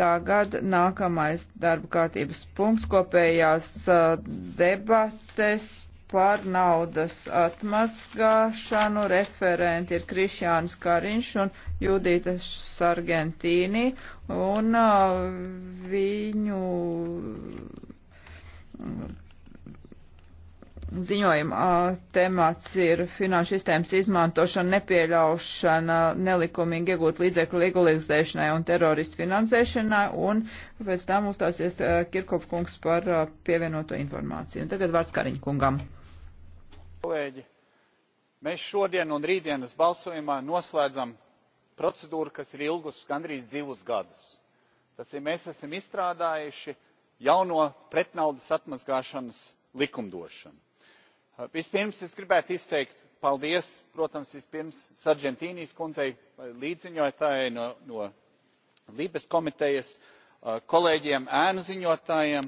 Tagad nākamais darba kārtības punkts kopējās uh, debates par naudas atmaskāšanu. Referenti ir Krišjāns Kariņš un Judita Sargentīni, un uh, viņu ziņojuma temats ir finanšu sistēmas izmantošana, nepieļaušana, nelikumīgi iegūt līdzekļu legalizēšanai un teroristu finansēšanai, un pēc tam uzstāsies Kirkop kungs par pievienoto informāciju. Un tagad vārds Kariņa kungam. Kolēģi, mēs šodien un rītdienas balsojumā noslēdzam procedūru, kas ir ilgus gandrīz divus gadus. Tas ir, mēs esam izstrādājuši jauno pretnaudas atmazgāšanas likumdošanu Uh, vispirms es gribētu izteikt paldies protams vispirms sargentini kundzei līdziņotājai no libe komitejas uh, kolēģiem ēnu ziņotājiem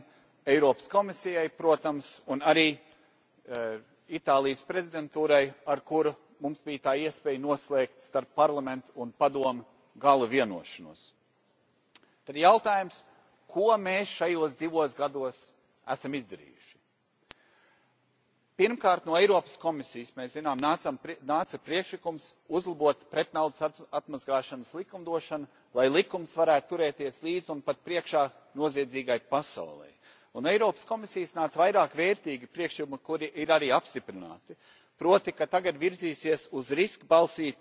eiropas komisijai protams un arī uh, itālijas prezidentūrai ar kuru mums bija tā iespēja noslēgt starp parlamentu un padomi gala vienošanos. tad jautājums ko mēs šajos divos gados esam izdarījuši? pirmkārt no eiropas komisijas mēs zinām nāca priekšlikums uzlabot pretnaudas atmazgāšanas likumdošanu lai likums varētu turēties līdzi un pat priekšā noziedzīgai pasaulei. no eiropas komisijas nāca vairāk vērtīgi priekšlikumi kuri ir arī apstiprināti proti ka tagad virzīsies uz riska eh,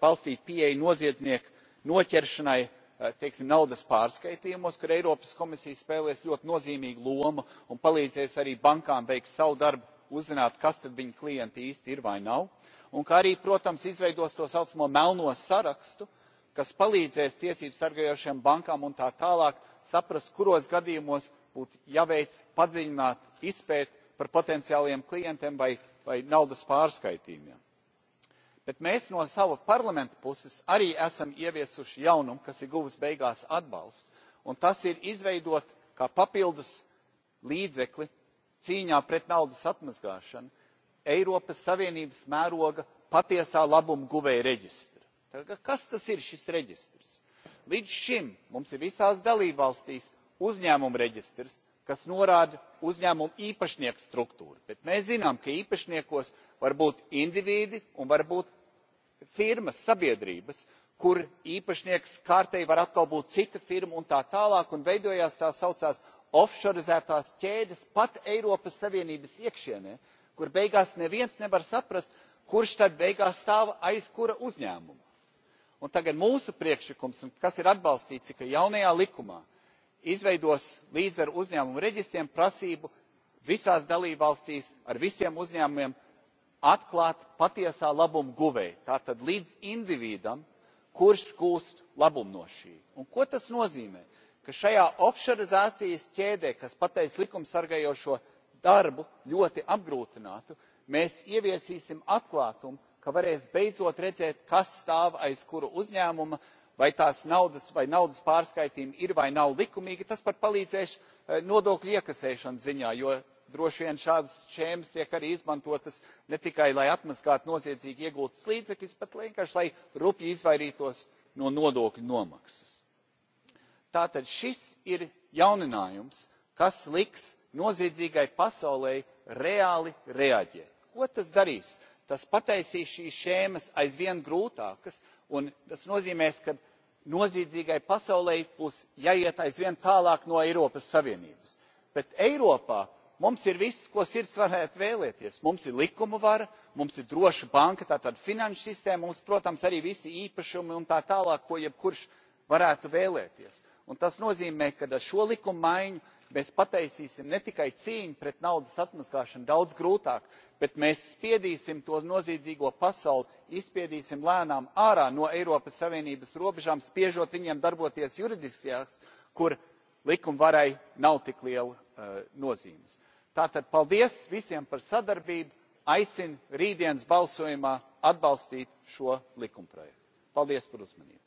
balstītu pieeju noziedznieku noķeršanai eh, teiksim naudas pārskaitījumos kur eiropas komisija spēlēs ļoti nozīmīgu lomu un palīdzēs arī bankām veikt savu darbu uzzināt kas tad viņu klienti īsti ir vai nav un ka arī protams izveidos tā saucamo melno sarakstu kas palīdzēs tiesību sargājošajām bankām un tā tālāk saprast kuros gadījumos būtu jāveic padziļināta izpēte par potenciāliem klientiem vai, vai naudas pārskaitījumiem. Bet mēs no sava parlamenta puses arī esam ieviesuši jaunumu, kas ir guvis beigās atbalstu, un tas ir izveidot kā papildus līdzekli cīņā pret naudas atmazgāšanu eiropas savienības mēroga patiesā labuma guvēja reģistra. kas tas ir šis reģistrs? līdz šim mums ir visās dalībvalstīs uzņēmumu reģistrs kas norāda uzņēmuma īpašnieku struktūru bet mēs zinām ka īpašniekos var būt indivīdi un var būt firmas sabiedrības kur īpašnieks kārtēji var atkal būt cita firma un tā tālāk un veidojās tā saucamās ofšorizētās ķēdes pat eiropas savienības iekšienē kur beigās neviens nevar saprast kurš tad beigās stāv aiz kura uzņēmuma. Un tagad mūsu priekšlikums kas ir atbalstīts ir ka jaunajā likumā izveidos līdz ar uzņēmumu reģistriem prasību visās dalībvalstīs ar visiem uzņēmumiem atklāt patiesā labuma guvēju tātad līdz individam kurš gūst labumu no šī. Un ko tas nozīmē? ka šajā ofšorizācijas ķēdē kas pateic likumsargājošo darbu ļoti apgrūtinātu mēs ieviesīsim atklātumu ka varēs beidzot redzēt kas stāv aiz kura uzņēmuma vai tās naudas vai naudas pārskaitījumi ir vai nav likumīgi tas pat palīdzēs eh, nodokļu iekasēšanas ziņā jo droši vien šādas schēmas tiek arī izmantotas ne tikai lai atmaskātu noziedzīgi iegūtus līdzekļus bet vienkārši lai rupji izvairītos no nodokļu nomaksas tātad šis ir jauninājums kas liks noziedzīgai pasaulei reāli reaģēt. ko tas darīs? tas pataisīs šīs šēmas aizvien grūtākas un tas nozīmēs ka noziedzīgai pasaulei būs jāiet aizvien tālāk no eiropas savienības. bet eiropā mums ir viss ko sirds varētu vēlēties mums ir likuma vara mums ir droša banka tātad finanšu sistēma mums protams arī visi īpašumi un tā tālāk ko jebkurš varētu vēlēties. Un tas nozīmē, ka ar šo likuma maiņu mēs pataisīsim ne tikai cīņu pret naudas atmazgāšanu daudz grūtāk, bet mēs spiedīsim to noziedzīgo pasauli, izspiedīsim lēnām ārā no Eiropas Savienības robežām, spiežot viņiem darboties juridiskajās, kur likumvarai nav tik liela uh, nozīmes. Tātad paldies visiem par sadarbību. Aicinu rītdienas balsojumā atbalstīt šo likumprojektu. Paldies par uzmanību.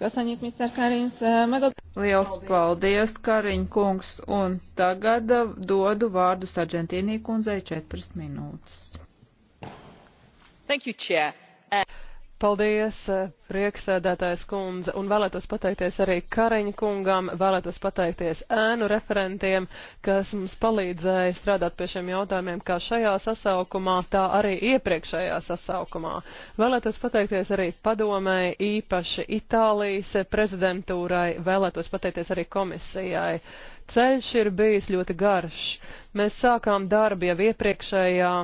Kasaņiek, Mr. Karins. Eh, Magad... Liels paldies, Kariņ kungs, un tagad eh, dodu vārdu Sargentīnī kundzei četras minūtes. Thank you, Chair. Uh... Paldies, eh, prieksēdētājs kundze, un vēlētos pateikties arī Kariņa kungam, vēlētos pateikties ēnu referentiem, kas mums palīdzēja strādāt pie šiem jautājumiem kā šajā sasaukumā, tā arī iepriekšējā sasaukumā. Vēlētos pateikties arī padomēji, īpaši Itālijas prezidentūrai, vēlētos pateikties arī komisijai. Ceļš ir bijis ļoti garš. Mēs sākām darbu jau iepriekšējā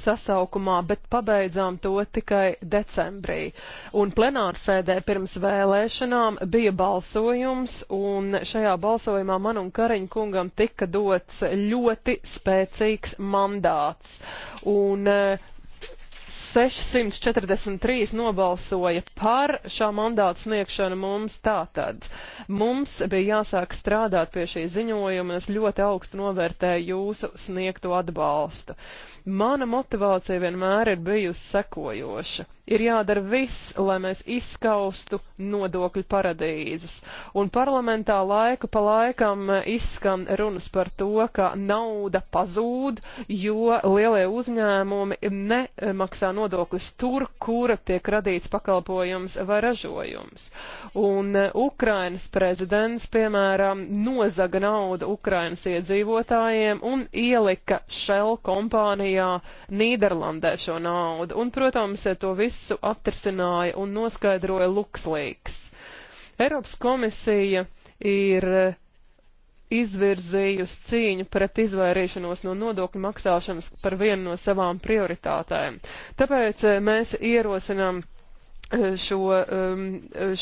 sasaukumā, bet pabeidzām to tikai decembrī. Un plenārsēdē pirms vēlēšanām bija balsojums, un šajā balsojumā man un Kariņa kungam tika dots ļoti spēcīgs mandāts. Un eh, 643 nobalsoja par šā mandāta sniegšanu mums tātad. Mums bija jāsāk strādāt pie šī ziņojuma, un es ļoti augstu novērtēju jūsu sniegto atbalstu. Mana motivācija vienmēr ir bijusi sekojoša ir jādara viss, lai mēs izskaustu nodokļu paradīzes. Un parlamentā laiku pa laikam izskan runas par to, ka nauda pazūd, jo lielie uzņēmumi nemaksā nodokļus tur, kura tiek radīts pakalpojums vai ražojums. Un e, Ukrainas prezidents, piemēram, nozaga naudu Ukrainas iedzīvotājiem un ielika Shell kompānijā Nīderlandē šo naudu. Un, protams, e, to visu visu atrasināja un noskaidroja Luxlīks. Eiropas komisija ir izvirzījusi cīņu pret izvairīšanos no nodokļu maksāšanas par vienu no savām prioritātēm. Tāpēc eh, mēs ierosinām eh, šo, um,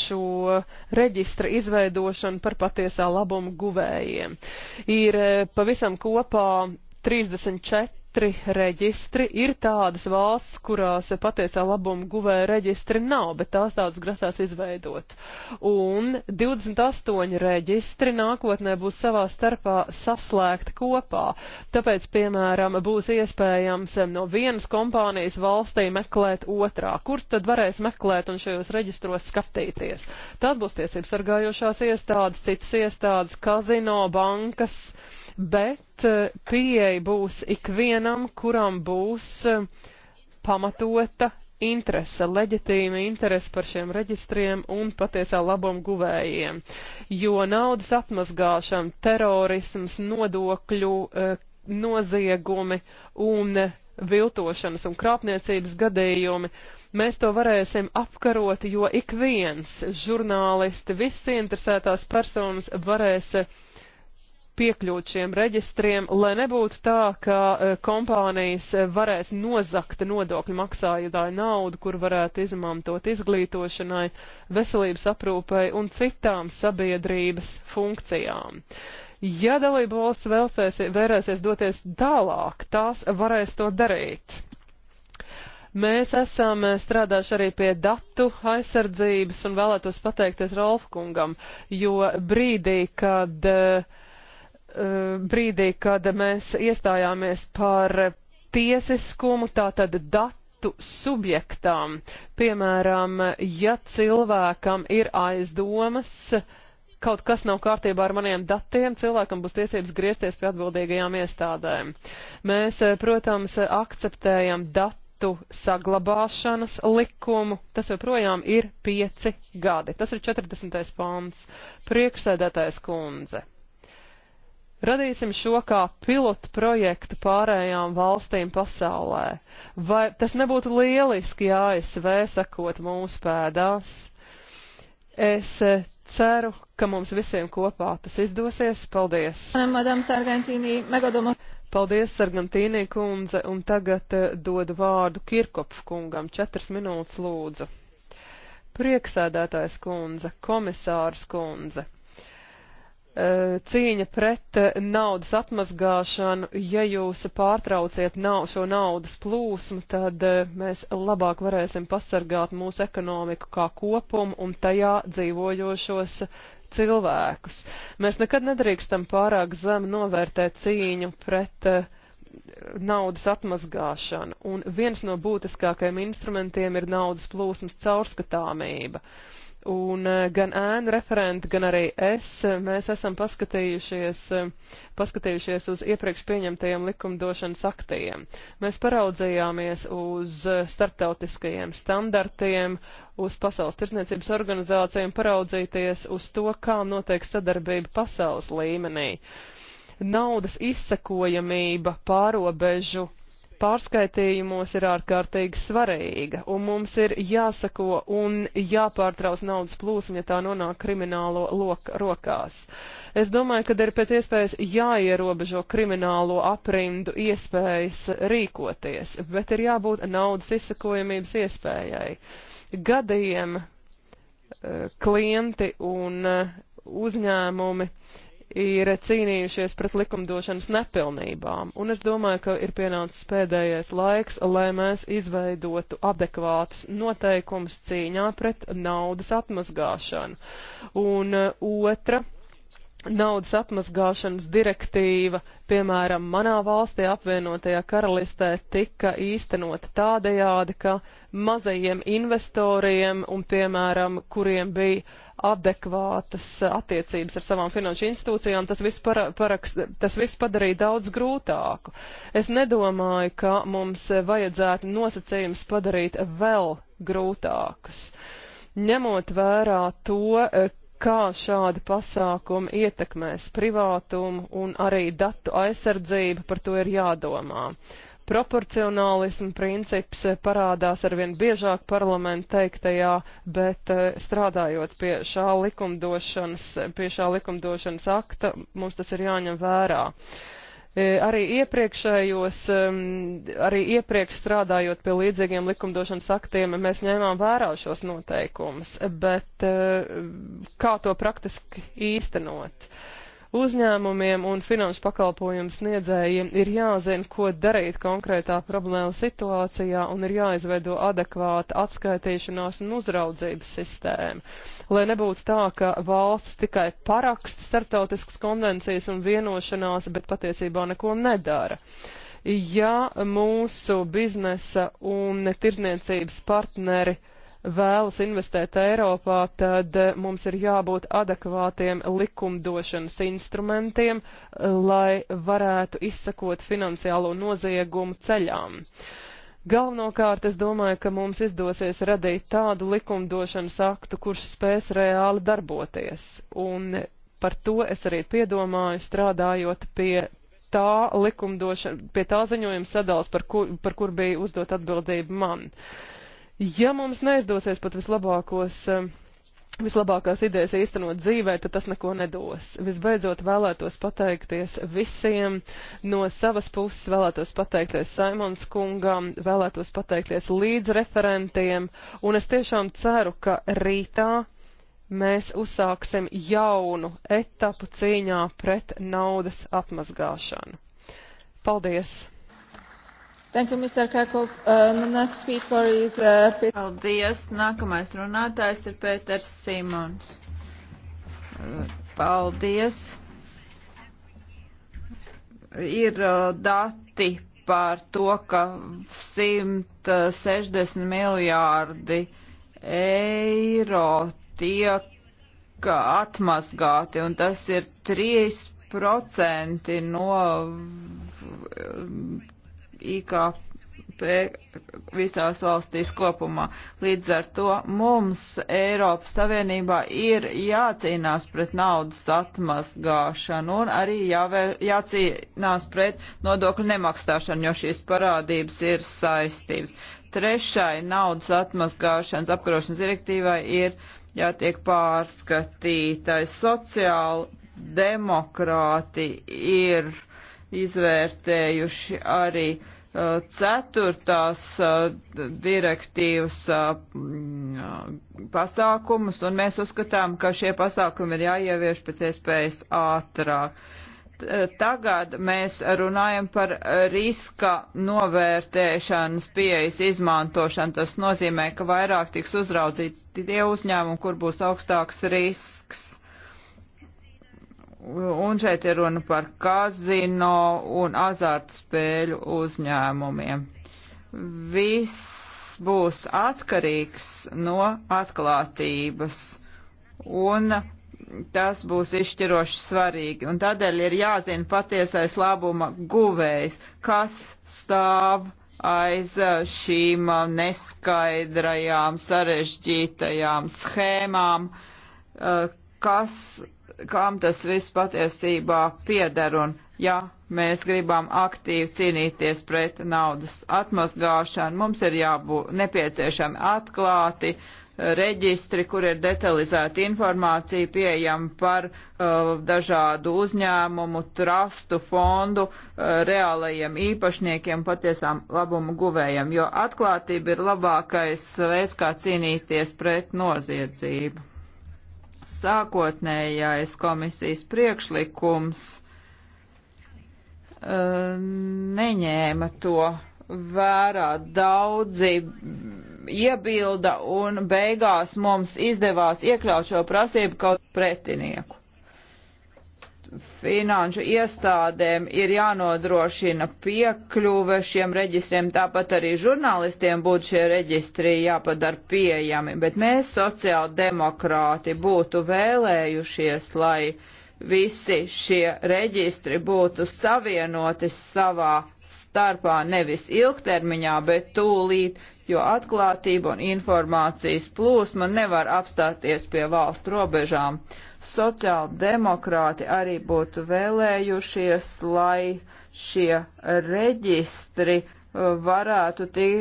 šo reģistra izveidošanu par patiesā labumu guvējiem. Ir eh, pavisam kopā 34 četri reģistri. Ir tādas valsts, kurās patiesā labuma guvēja reģistri nav, bet tās tādas grasās izveidot. Un 28 reģistri nākotnē būs savā starpā saslēgti kopā. Tāpēc, piemēram, būs iespējams no vienas kompānijas valstī meklēt otrā. Kur tad varēs meklēt un šajos reģistros skatīties? Tās būs tiesības sargājošās iestādes, citas iestādes, kazino, bankas, bet Eh, pieeja būs ikvienam, kuram būs eh, pamatota interese, leģitīma interese par šiem reģistriem un patiesā labam guvējiem. Jo naudas atmazgāšana, terorisms, nodokļu eh, noziegumi un viltošanas un krāpniecības gadījumi, mēs to varēsim apkarot, jo ik viens žurnālisti, visi interesētās personas varēs piekļūt šiem reģistriem, lai nebūtu tā, ka e, kompānijas e, varēs nozakt nodokļu maksājotāju naudu, kur varētu izmantot izglītošanai, veselības aprūpai un citām sabiedrības funkcijām. Ja dalību valsts vēlēsies, vērēsies doties tālāk, tās varēs to darīt. Mēs esam e, strādājuši arī pie datu aizsardzības un vēlētos pateikties Rolfkungam, jo brīdī, kad uh, Eh, brīdī, kad mēs iestājāmies par tiesiskumu, tātad datu subjektām. Piemēram, ja cilvēkam ir aizdomas, kaut kas nav kārtībā ar maniem datiem, cilvēkam būs tiesības griezties pie atbildīgajām iestādēm. Mēs, eh, protams, akceptējam datu saglabāšanas likumu. Tas joprojām ir pieci gadi. Tas ir 40. pāns. Priekšsēdētājs kundze. Radīsim šo kā pilotu projektu pārējām valstīm pasaulē. Vai tas nebūtu lieliski, ja ASV sekot mūsu pēdās? Es eh, ceru, ka mums visiem kopā tas izdosies. Paldies! Paldies, Sargantīnī kundze, un tagad eh, dodu vārdu Kirkopf kungam. Četras minūtes lūdzu. Prieksēdētājs kundze, komisārs kundze. Eh, cīņa pret eh, naudas atmazgāšanu, ja jūs pārtrauciet nav, šo naudas plūsmu, tad eh, mēs labāk varēsim pasargāt mūsu ekonomiku kā kopumu un tajā dzīvojošos cilvēkus. Mēs nekad nedrīkstam pārāk zem novērtēt cīņu pret naudas atmazgāšanu, un viens no būtiskākajiem instrumentiem ir naudas plūsmas caurskatāmība. Uh, Un eh, gan ēnu referenti, gan arī es, eh, mēs esam paskatījušies, eh, paskatījušies uz iepriekš pieņemtajiem likumdošanas aktiem. Mēs paraudzījāmies uz starptautiskajiem standartiem, uz pasaules tirsniecības organizācijām, paraudzīties uz to, kā notiek sadarbība pasaules līmenī. Naudas izsekojamība pārobežu pārskaitījumos ir ārkārtīgi svarīga, un mums ir jāsako un jāpārtrauc naudas plūsma, ja tā nonāk kriminālo lok, rokās. Es domāju, ka ir pēc iespējas jāierobežo kriminālo aprindu iespējas rīkoties, bet ir jābūt naudas izsakojamības iespējai. Gadiem eh, klienti un eh, uzņēmumi uh, ir cīnījušies pret likumdošanas nepilnībām, un es domāju, ka ir pienācis pēdējais laiks, lai mēs izveidotu adekvātus noteikumus cīņā pret naudas atmazgāšanu. Un uh, otra naudas atmazgāšanas direktīva, piemēram, manā valstī apvienotajā karalistē, tika īstenota tādējādi, ka mazajiem investoriem un, piemēram, kuriem bija adekvātas attiecības ar savām finanšu institūcijām, tas viss, para, parakst, tas viss padarīja daudz grūtāku. Es nedomāju, ka mums vajadzētu nosacījums padarīt vēl grūtākus. Ņemot vērā to, kā šādi pasākumi ietekmēs privātumu un arī datu aizsardzību, par to ir jādomā. Proporcionālismu princips eh, parādās arvien biežāk parlamentu teiktajā, bet eh, strādājot pie šā likumdošanas, pie šā likumdošanas akta, mums tas ir jāņem vērā eh, arī iepriekšējos, ehm, arī iepriekš strādājot pie līdzīgiem likumdošanas aktiem, mēs ņēmām vērā šos noteikumus, bet kā to praktiski īstenot? Uzņēmumiem un finanšu pakalpojumu sniedzējiem ir jāzina, ko darīt konkrētā problēma situācijā un ir jāizveido adekvāta atskaitīšanās un uzraudzības sistēma. Lai nebūtu tā, ka valsts tikai parakst starptautiskas konvencijas un vienošanās, bet patiesībā neko nedara ja mūsu biznesa un tirdzniecības partneri vēlas investēt Eiropā, tad eh, mums ir jābūt adekvātiem likumdošanas instrumentiem, eh, lai varētu izsakot finansiālo noziegumu ceļām. Galvenokārt es domāju, ka mums izdosies radīt tādu likumdošanas aktu, kurš spēs reāli darboties. Un par to es arī piedomāju strādājot pie tā likumdošana, pie tā ziņojuma sadals, par kur, par kur bija uzdot atbildību man. Uh, Ja mums neizdosies pat vislabākos, eh, vislabākās idejas īstenot dzīvē, tad tas neko nedos. Visbeidzot vēlētos pateikties visiem. No savas puses vēlētos pateikties Saimons kungam, vēlētos pateikties līdz referentiem, un es tiešām ceru, ka rītā mēs uzsāksim jaunu etapu cīņā pret naudas atmazgāšanu. Paldies! Thank you, Mr. Karkov. Uh, next speaker is... Uh, Peter. Paldies. Nākamais runātājs ir Pēters Simons. Uh, paldies. Ir uh, dati par to, ka 160 miljārdi eiro tiek atmazgāti, un tas ir 3% no IKP visās valstīs kopumā. Līdz ar to mums Eiropas Savienībā ir jācīnās pret naudas atmazgāšanu un arī jāvēr, jācīnās pret nodokļu nemaksāšanu, jo šīs parādības ir saistības. Trešai naudas atmazgāšanas apkarošanas direktīvai ir jātiek pārskatītai sociāli demokrāti ir izvērtējuši arī uh, ceturtās uh, direktīvas uh, mm, pasākumus, un mēs uzskatām, ka šie pasākumi ir jāievieš pēc iespējas ātrāk. Tagad mēs runājam par riska novērtēšanas pieejas izmantošanu. Tas nozīmē, ka vairāk tiks uzraudzīti tie uzņēmumi, kur būs augstāks risks Un šeit ir runa par kazino un azartspēļu uzņēmumiem. Viss būs atkarīgs no atklātības, un tas būs izšķiroši svarīgi. Un tādēļ ir jāzina patiesais labuma guvējs, kas stāv aiz šīm neskaidrajām, sarežģītajām schēmām, eh, kas kam tas viss patiesībā pieder un ja mēs gribam aktīvi cīnīties pret naudas atmazgāšanu, mums ir jābūt nepieciešami atklāti eh, reģistri, kur ir detalizēta informācija pieejama par uh, dažādu uzņēmumu, trastu, fondu, uh, reālajiem īpašniekiem, patiesām labumu guvējiem, jo atklātība ir labākais veids, kā cīnīties pret noziedzību sākotnējais komisijas priekšlikums uh, neņēma to vērā daudzi iebilda un beigās mums izdevās iekļaut šo prasību kaut pretinieku finanšu iestādēm ir jānodrošina piekļuve šiem reģistriem, tāpat arī žurnālistiem būtu šie reģistri jāpadara pieejami, bet mēs sociāldemokrāti būtu vēlējušies, lai visi šie reģistri būtu savienoti savā starpā nevis ilgtermiņā, bet tūlīt, jo atklātība un informācijas plūsma nevar apstāties pie valstu robežām. Uh, sociāldemokrāti arī būtu vēlējušies, lai šie reģistri uh, varētu uh,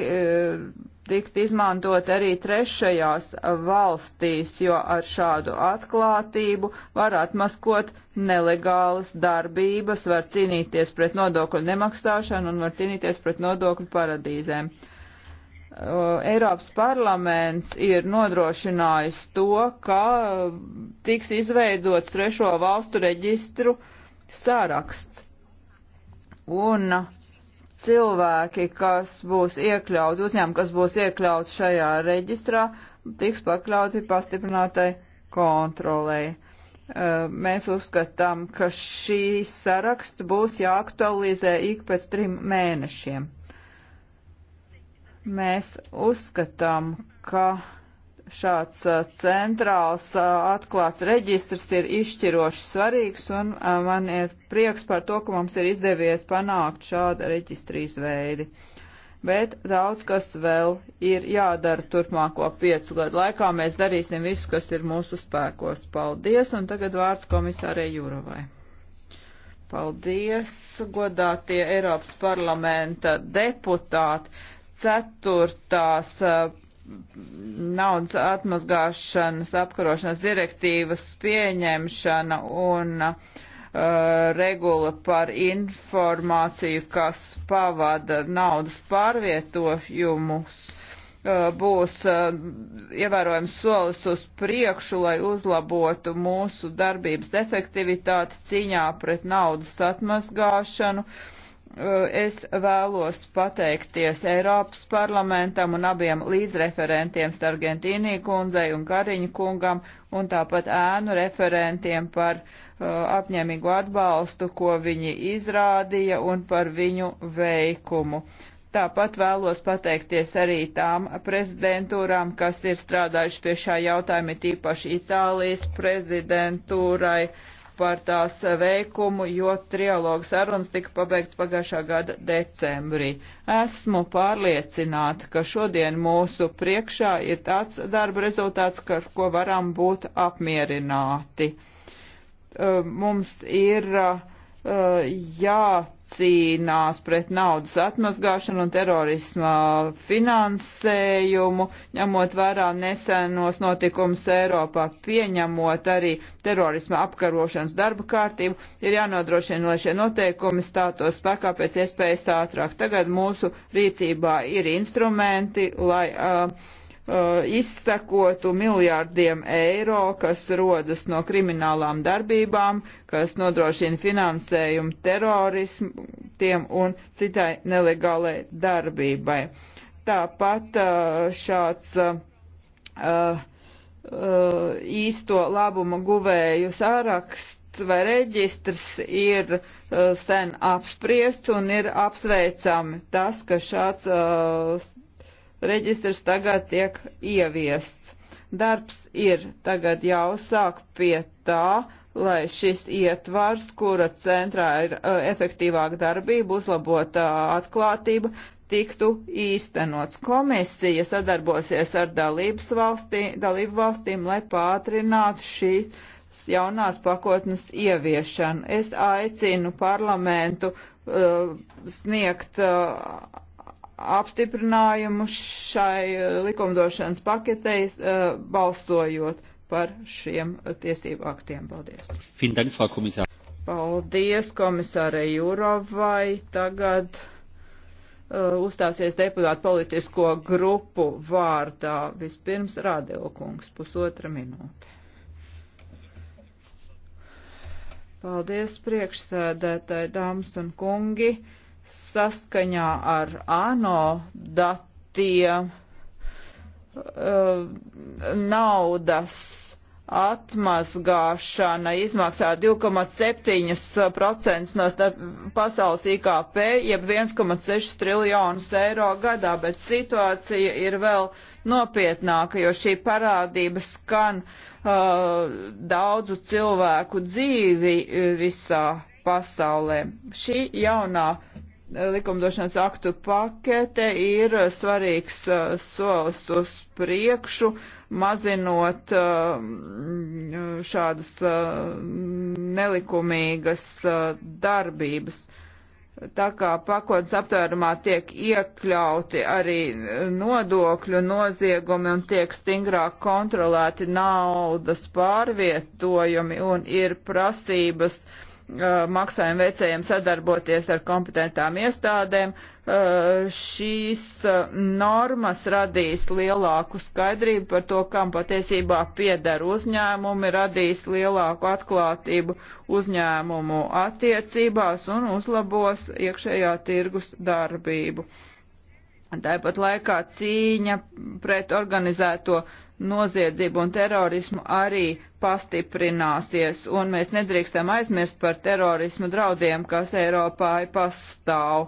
tikt izmantot arī trešajās valstīs, jo ar šādu atklātību var atmaskot nelegālas darbības, var cīnīties pret nodokļu nemaksāšanu un var cīnīties pret nodokļu paradīzēm. Uh, Eiropas parlaments ir nodrošinājis to, ka tiks izveidots trešo valstu reģistru saraksts. Un cilvēki, kas būs iekļauti, uzņēmumi, kas būs iekļauti šajā reģistrā, tiks pakļauti pastiprinātai kontrolei. E, mēs uzskatām, ka šī saraksts būs jāaktualizē ik pēc trim mēnešiem. Mēs uzskatām, ka šāds uh, centrāls uh, atklāts reģistrs ir izšķiroši svarīgs, un uh, man ir prieks par to, ka mums ir izdevies panākt šāda reģistra izveidi. Bet daudz kas vēl ir jādara turpmāko piecu gadu laikā. Mēs darīsim visu, kas ir mūsu spēkos. Paldies, un tagad vārds komisārei Jurovai. Paldies, godātie Eiropas parlamenta deputāti ceturtās eh, naudas atmazgāšanas apkarošanas direktīvas pieņemšana un uh, regula par informāciju, kas pavada naudas pārvietojumus, eh, būs ievērojams solis uz priekšu, lai uzlabotu mūsu darbības efektivitāti cīņā pret naudas atmazgāšanu. Uh, Eh, es vēlos pateikties Eiropas parlamentam un abiem līdzreferentiem Stargentīnī kundzei un Kariņu kungam un tāpat ēnu referentiem par uh, apņēmīgu atbalstu, ko viņi izrādīja un par viņu veikumu. Tāpat vēlos pateikties arī tām prezidentūrām, kas ir strādājuši pie šā jautājuma, tīpaši Itālijas prezidentūrai, uh, par tās veikumu, jo trialogu sarunas tika pabeigts pagājušā gada decembrī. Esmu pārliecināta, ka šodien mūsu priekšā ir tāds darba rezultāts, ar ko varam būt apmierināti. Mums ir uh, Uh, jācīnās pret naudas atmazgāšanu un terorisma finansējumu, ņemot vērā nesenos notikumus Eiropā, pieņemot arī terorisma apkarošanas darba kārtību, ir jānodrošina, lai šie noteikumi stātos spēkā pēc iespējas ātrāk. Tagad mūsu rīcībā ir instrumenti, lai uh, Uh, izsekotu miljārdiem eiro, kas rodas no kriminālām darbībām, kas nodrošina finansējumu terorismiem un citai nelegālai darbībai. Tāpat uh, šāds uh, īsto labumu guvēju saraksts vai reģistrs ir sen apspriests un ir apsveicami tas, ka šāds reģistrs tagad tiek ieviests. Darbs ir tagad jāuzsāk pie tā, lai šis ietvars, kura centrā ir uh, efektīvāka darbība, uzlabota atklātība, tiktu īstenots. Komisija sadarbosies ar valstī, dalību valstīm, lai pātrinātu šī jaunās pakotnes ieviešanu. Es aicinu parlamentu uh, sniegt uh, apstiprinājumu šai eh, likumdošanas paketei eh, balsojot par šiem tiesību aktiem. Paldies. Dank, Frau Paldies komisārai Jurovai. Tagad uh, uzstāsies deputātu politisko grupu vārdā. Vispirms Rādeokungs, pusotra minūte. Paldies priekšsēdētāji, dāmas un kungi. Uh, saskaņā ar ANO datiem eh, naudas atmazgāšana izmaksā 2,7% no pasaules IKP, jeb 1,6 triljonus eiro gadā, bet situācija ir vēl nopietnāka, jo šī parādība skan uh, daudzu cilvēku dzīvi eh, visā pasaulē. Šī jaunā likumdošanas aktu pakete ir svarīgs uh, solis uz priekšu, mazinot uh, mm, šādas uh, nelikumīgas darbības. Tā kā pakodas aptvērumā tiek iekļauti arī nodokļu noziegumi un tiek stingrāk kontrolēti naudas pārvietojumi un ir prasības uh, Uh, maksājumu veicējiem sadarboties ar kompetentām iestādēm. Uh, šīs uh, normas radīs lielāku skaidrību par to, kam patiesībā pieder uzņēmumi, radīs lielāku atklātību uzņēmumu attiecībās un uzlabos iekšējā tirgus darbību. Tāpat laikā cīņa pret organizēto noziedzību un terorismu arī pastiprināsies, un mēs nedrīkstam aizmirst par terorismu draudiem, kas Eiropā pastāv.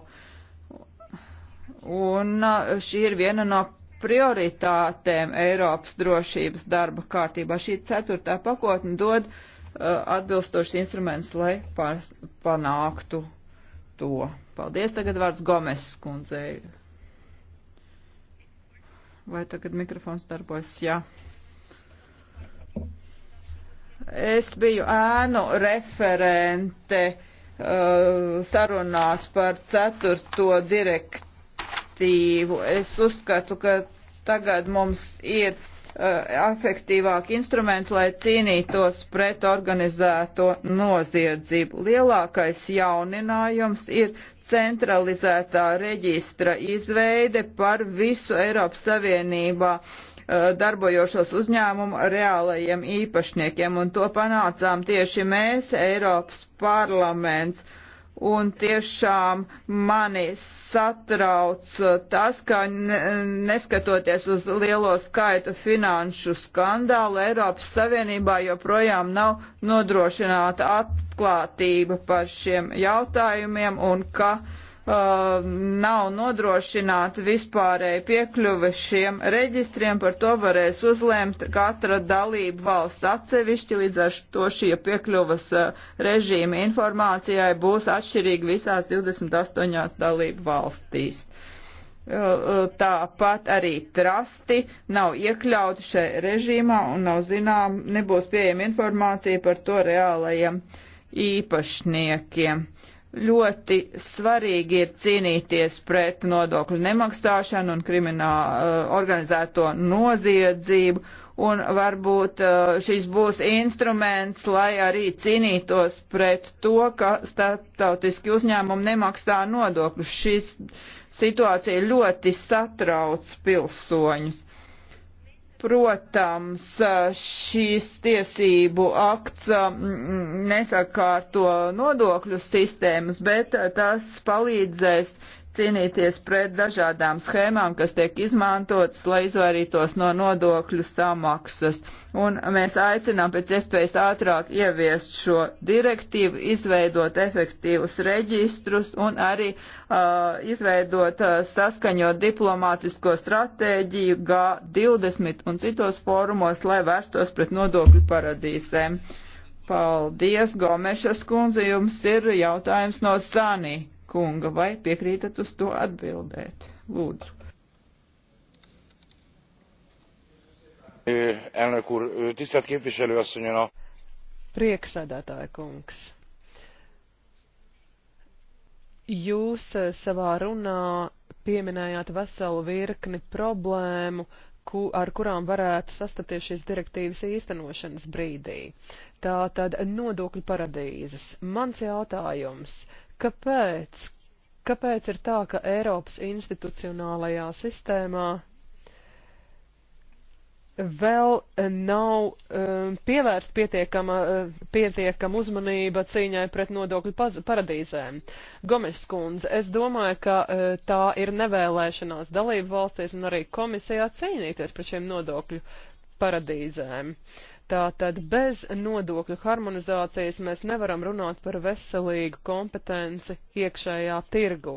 Un šī ir viena no prioritātēm Eiropas drošības darba kārtībā. Šī ceturtā pakotne dod uh, atbilstošs instruments, lai par, panāktu to. Paldies, tagad vārds Gomes skundzei. Vai tagad mikrofons darbojas? Jā. Es biju ēnu referente uh, sarunās par ceturto direktīvu. Es uzskatu, ka tagad mums ir uh, efektīvāki instrumenti, lai cīnītos pret organizēto noziedzību. Lielākais jauninājums ir centralizētā reģistra izveide par visu Eiropas Savienībā eh, darbojošos uzņēmumu reālajiem īpašniekiem, un to panācām tieši mēs, Eiropas parlaments. Un tiešām mani satrauc eh, tas, ka neskatoties uz lielo skaitu finanšu skandālu, Eiropas Savienībā joprojām nav nodrošināta atpakaļ atklātība par šiem jautājumiem un ka uh, nav nodrošināta vispārēja piekļuve šiem reģistriem, par to varēs uzlēmt katra dalība valsts atsevišķi, līdz ar to šie piekļuvas uh, režīmi informācijai būs atšķirīgi visās 28 dalību valstīs. Uh, uh, tāpat arī trasti nav iekļauti šajā režīmā un nav zinām, nebūs pieejama informācija par to reālajiem uh, īpašniekiem. Ļoti svarīgi ir cīnīties pret nodokļu nemaksāšanu un kriminālu uh, organizēto noziedzību, un varbūt uh, šis būs instruments, lai arī cīnītos pret to, ka starptautiski uzņēmumi nemaksā nodokļus. Šis situācija ļoti satrauc pilsoņus Protams, šīs tiesību akts mm, nesakārto nodokļu sistēmas, bet tas palīdzēs cīnīties pret dažādām schēmām, kas tiek izmantotas, lai izvairītos no nodokļu samaksas. Un mēs aicinām pēc iespējas ātrāk ieviest šo direktīvu, izveidot efektīvus reģistrus un arī uh, izveidot uh, saskaņot diplomātisko stratēģiju G20 un citos fórumos, lai vērstos pret nodokļu paradīsēm. Paldies, Gomešas kundze, jums ir jautājums no Sanī kunga, vai piekrītat uz to atbildēt? Lūdzu. Elnök úr, tisztelt képviselő asszonyon a... Prieksēdētāja kungs. Jūs savā runā pieminējāt veselu virkni problēmu, ku, ar kurām varētu sastapties šīs direktīvas īstenošanas brīdī. Tā tad nodokļu paradīzes. Mans jautājums. Uh, Kāpēc? Kāpēc ir tā, ka Eiropas institucionālajā sistēmā vēl nav um, pievērsta pietiekama, uh, pietiekama uzmanība cīņai pret nodokļu paradīzēm. Gomes kundze, es domāju, ka uh, tā ir nevēlēšanās dalību valstīs un arī komisijā cīnīties pret šiem nodokļu paradīzēm. Uh, Tātad bez nodokļu harmonizācijas mēs nevaram runāt par veselīgu kompetenci iekšējā tirgū.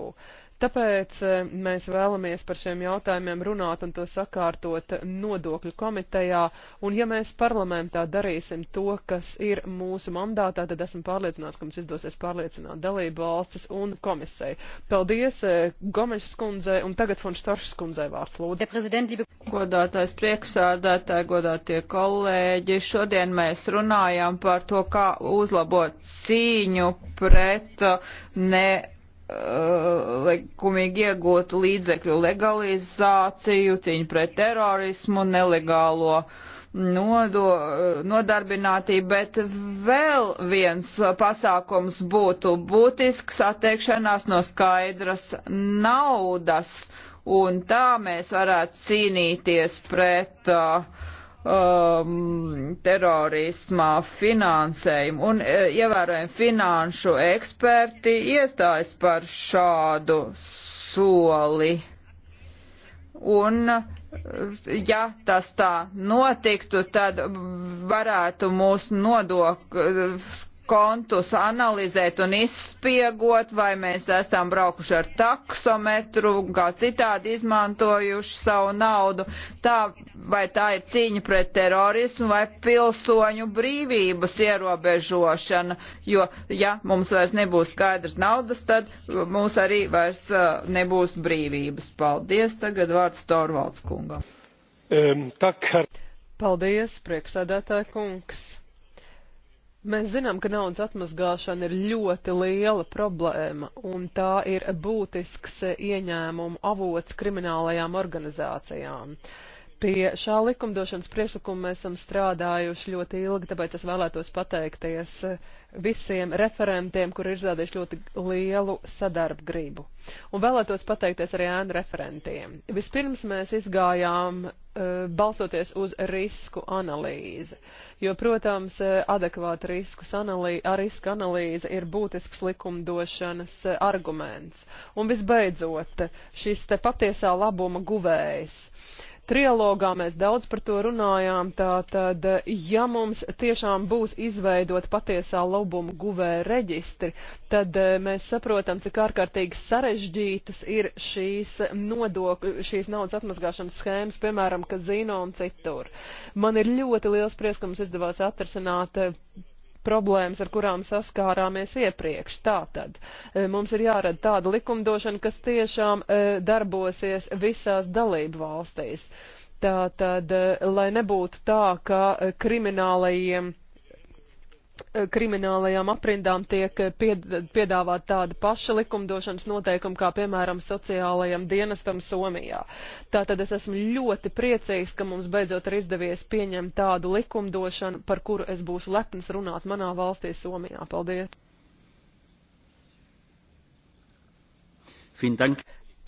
Tāpēc eh, mēs vēlamies par šiem jautājumiem runāt un to sakārtot nodokļu komitejā, un ja mēs parlamentā darīsim to, kas ir mūsu mandātā, tad esam pārliecināti, ka mums izdosies pārliecināt dalību valstis un komisiju. Paldies eh, Gomešs kundzei un tagad Fonštaršs kundzei vārds lūdzu. Godātais priekšsādātāji, godātie kolēģi, šodien mēs runājam par to, kā uzlabot cīņu pret eh, ne Uh, likumīgi iegūtu līdzekļu legalizāciju, cīņu pret terorismu, nelegālo nodo, nodarbinātību, bet vēl viens pasākums būtu būtisks attiekšanās no skaidras naudas, un tā mēs varētu cīnīties pret uh, um, terorismā finansējumu, un e, ievērojami finanšu eksperti iestājas par šādu soli. Un, ja tas tā notiktu, tad varētu mūsu nodokļu kontus analizēt un izspiegot, vai mēs esam braukuši ar taksometru, kā citādi izmantojuši savu naudu. Tā, vai tā ir cīņa pret terorismu vai pilsoņu brīvības ierobežošana, jo, ja mums vairs nebūs skaidrs naudas, tad mums arī vairs uh, nebūs brīvības. Paldies, tagad vārds Torvalds kungam. Um, tak... Paldies, priekšsēdētāja kungs. Mēs zinām, ka naudas atmazgāšana ir ļoti liela problēma, un tā ir būtisks ieņēmumu avots kriminālajām organizācijām. Uh, Pie šā likumdošanas priekšlikuma mēs esam strādājuši ļoti ilgi, tāpēc es vēlētos pateikties eh, visiem referentiem, kur ir zādījuši ļoti lielu sadarbu gribu. Un vēlētos pateikties arī ēnu referentiem. Vispirms mēs izgājām eh, balstoties uz risku analīzi. Jo, protams, eh, adekvāta risku analīze, riska analīze ir būtisks likumdošanas arguments. Un visbeidzot, šis te patiesā labuma guvējs. Trialogā mēs daudz par to runājām, tātad, ja mums tiešām būs izveidot patiesā labumu guvēja reģistri, tad eh, mēs saprotam, cik ārkārtīgi sarežģītas ir šīs nodokļu, šīs naudas atmazgāšanas schēmas, piemēram, Kazino un citur. Man ir ļoti liels prieks, ka mums izdevās atrasināt eh, problēmas, ar kurām saskārāmies iepriekš. Tātad e, mums ir jārada tāda likumdošana, kas tiešām e, darbosies visās dalību valstīs. Tātad, e, lai nebūtu tā, ka kriminālajiem Eh, kriminālajām aprindām tiek eh, piedāvāt tāda paša likumdošanas noteikuma kā, piemēram, sociālajam dienestam Somijā. Tātad es esmu ļoti priecīgs, ka mums beidzot ir izdevies pieņemt tādu likumdošanu, par kuru es būšu lepns runāt manā valstī Somijā. Paldies!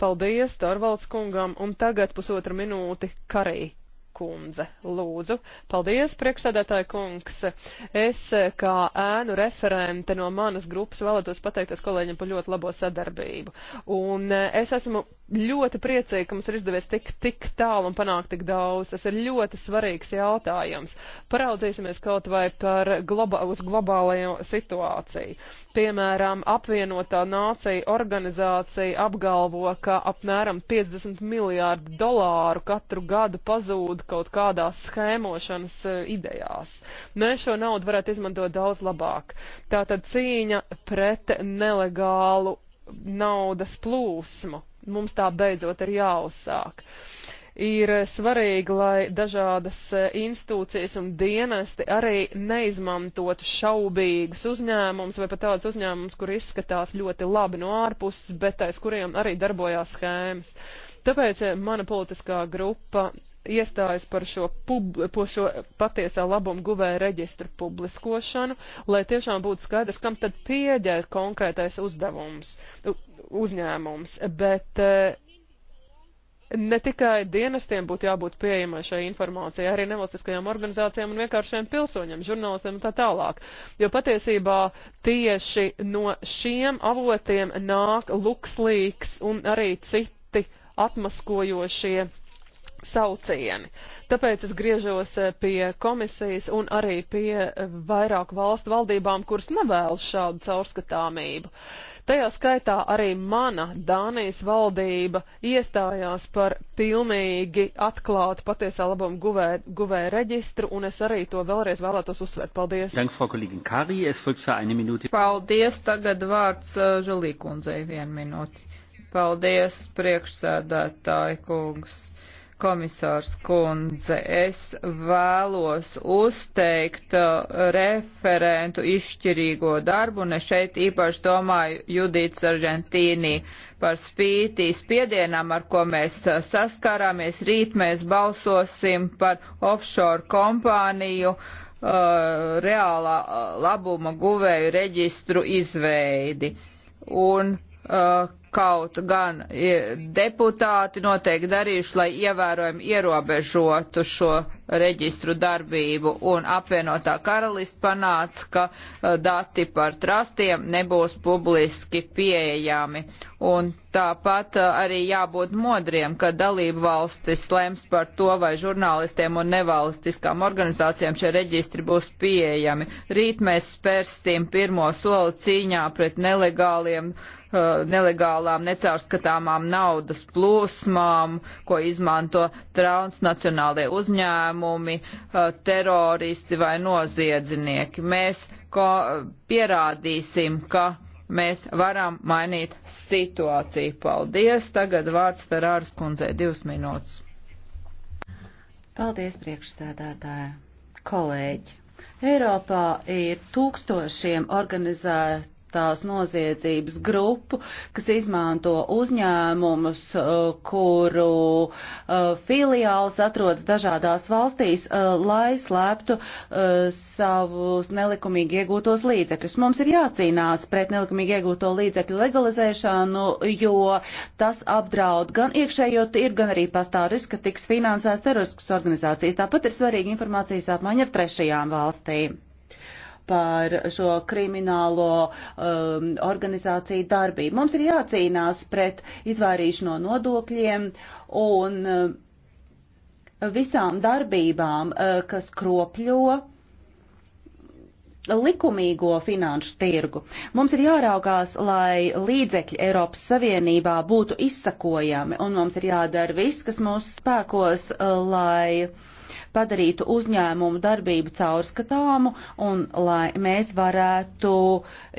Paldies Torvalds kungam, un tagad pusotra minūte Karī kundze. Lūdzu, paldies, priekšsēdētāja kungs. Es kā ēnu referente no manas grupas vēlētos pateikties kolēģiem par ļoti labo sadarbību. Un e, es esmu ļoti priecīga, ka mums ir izdevies tik, tik tālu un panākt tik daudz. Tas ir ļoti svarīgs jautājums. Paraudzīsimies kaut vai par globā, uz globālajo situāciju. Piemēram, apvienotā nācija organizācija apgalvo, ka apmēram 50 miljārdu dolāru katru gadu pazūd kaut kādās schēmošanas eh, idejās. Mēs šo naudu varētu izmantot daudz labāk. Tātad cīņa pret nelegālu naudas plūsmu. Mums tā beidzot ir jāuzsāk. Ir svarīgi, lai dažādas eh, institūcijas un dienesti arī neizmantotu šaubīgus uzņēmumus vai pat tādus uzņēmumus, kur izskatās ļoti labi no ārpuses, bet aiz kuriem arī darbojās schēmas. Tāpēc eh, mana politiskā grupa iestājas par šo, pub, po šo patiesā labuma guvēja reģistra publiskošanu, lai tiešām būtu skaidrs, kam tad pieģēr konkrētais uzdevums, uzņēmums. Bet eh, ne tikai dienestiem būtu jābūt pieejamai šai informācijai, arī nevalstiskajām organizācijām un vienkāršiem pilsoņiem, žurnālistiem un tā tālāk. Jo patiesībā tieši no šiem avotiem nāk lukslīgs un arī citi apmaskojošie saucieni. Tāpēc es griežos eh, pie komisijas un arī pie eh, vairāku valstu valdībām, kuras nevēlas šādu caurskatāmību. Tajā skaitā arī mana Dānijas valdība iestājās par pilnīgi atklātu patiesā labumu guvēju guvē reģistru, un es arī to vēlreiz vēlētos uzsvērt. Paldies! Paldies! Tagad vārds eh, Žalīkundzei vienu minūti. Paldies, priekšsēdētāji kungs, komisārs kundze. Es vēlos uzteikt uh, referentu izšķirīgo darbu, un es šeit īpaši domāju Judīts Argentīnī par spīti spiedienam, ar ko mēs uh, saskārāmies. Rīt mēs balsosim par offshore kompāniju uh, reālā uh, labuma guvēju reģistru izveidi. Un, uh, kaut gan e, deputāti noteikti darījuši, lai ievērojami ierobežotu šo reģistru darbību, un apvienotā karalista panāca, ka e, dati par trastiem nebūs publiski pieejami. Un tāpat e, arī jābūt modriem, ka dalību valstis lems par to, vai žurnālistiem un nevalstiskām organizācijām šie reģistri būs pieejami. Rīt mēs spērsim pirmo soli cīņā pret nelegāliem, uh, nelegāli nelegālām, necaurskatāmām naudas plūsmām, ko izmanto transnacionālie uzņēmumi, eh, teroristi vai noziedznieki. Mēs pierādīsim, ka mēs varam mainīt situāciju. Paldies! Tagad vārds Ferāras kundzei divas minūtes. Paldies, priekšstādātāja! Kolēģi! Eiropā ir tūkstošiem organizētu organizētās noziedzības grupu, kas izmanto uzņēmumus, uh, kuru uh, filiāls atrodas dažādās valstīs, uh, lai slēptu savus nelikumīgi iegūtos līdzekļus. Mums ir jācīnās pret nelikumīgi iegūto līdzekļu legalizēšanu, jo tas apdraud gan iekšējo tirgu, gan arī pastāv risks, ka tiks finansēts teroristiskas organizācijas. Tāpat ir svarīga informācijas apmaiņa ar trešajām valstīm par šo kriminālo um, organizāciju darbību. Mums ir jācīnās pret izvairīšanu no nodokļiem un um, visām darbībām, uh, kas kropļo likumīgo finanšu tirgu. Mums ir jāraugās, lai līdzekļi Eiropas Savienībā būtu izsakojami, un mums ir jādara viss, kas mūsu spēkos, uh, lai uh, padarītu uzņēmumu darbību caurskatāmu un lai mēs varētu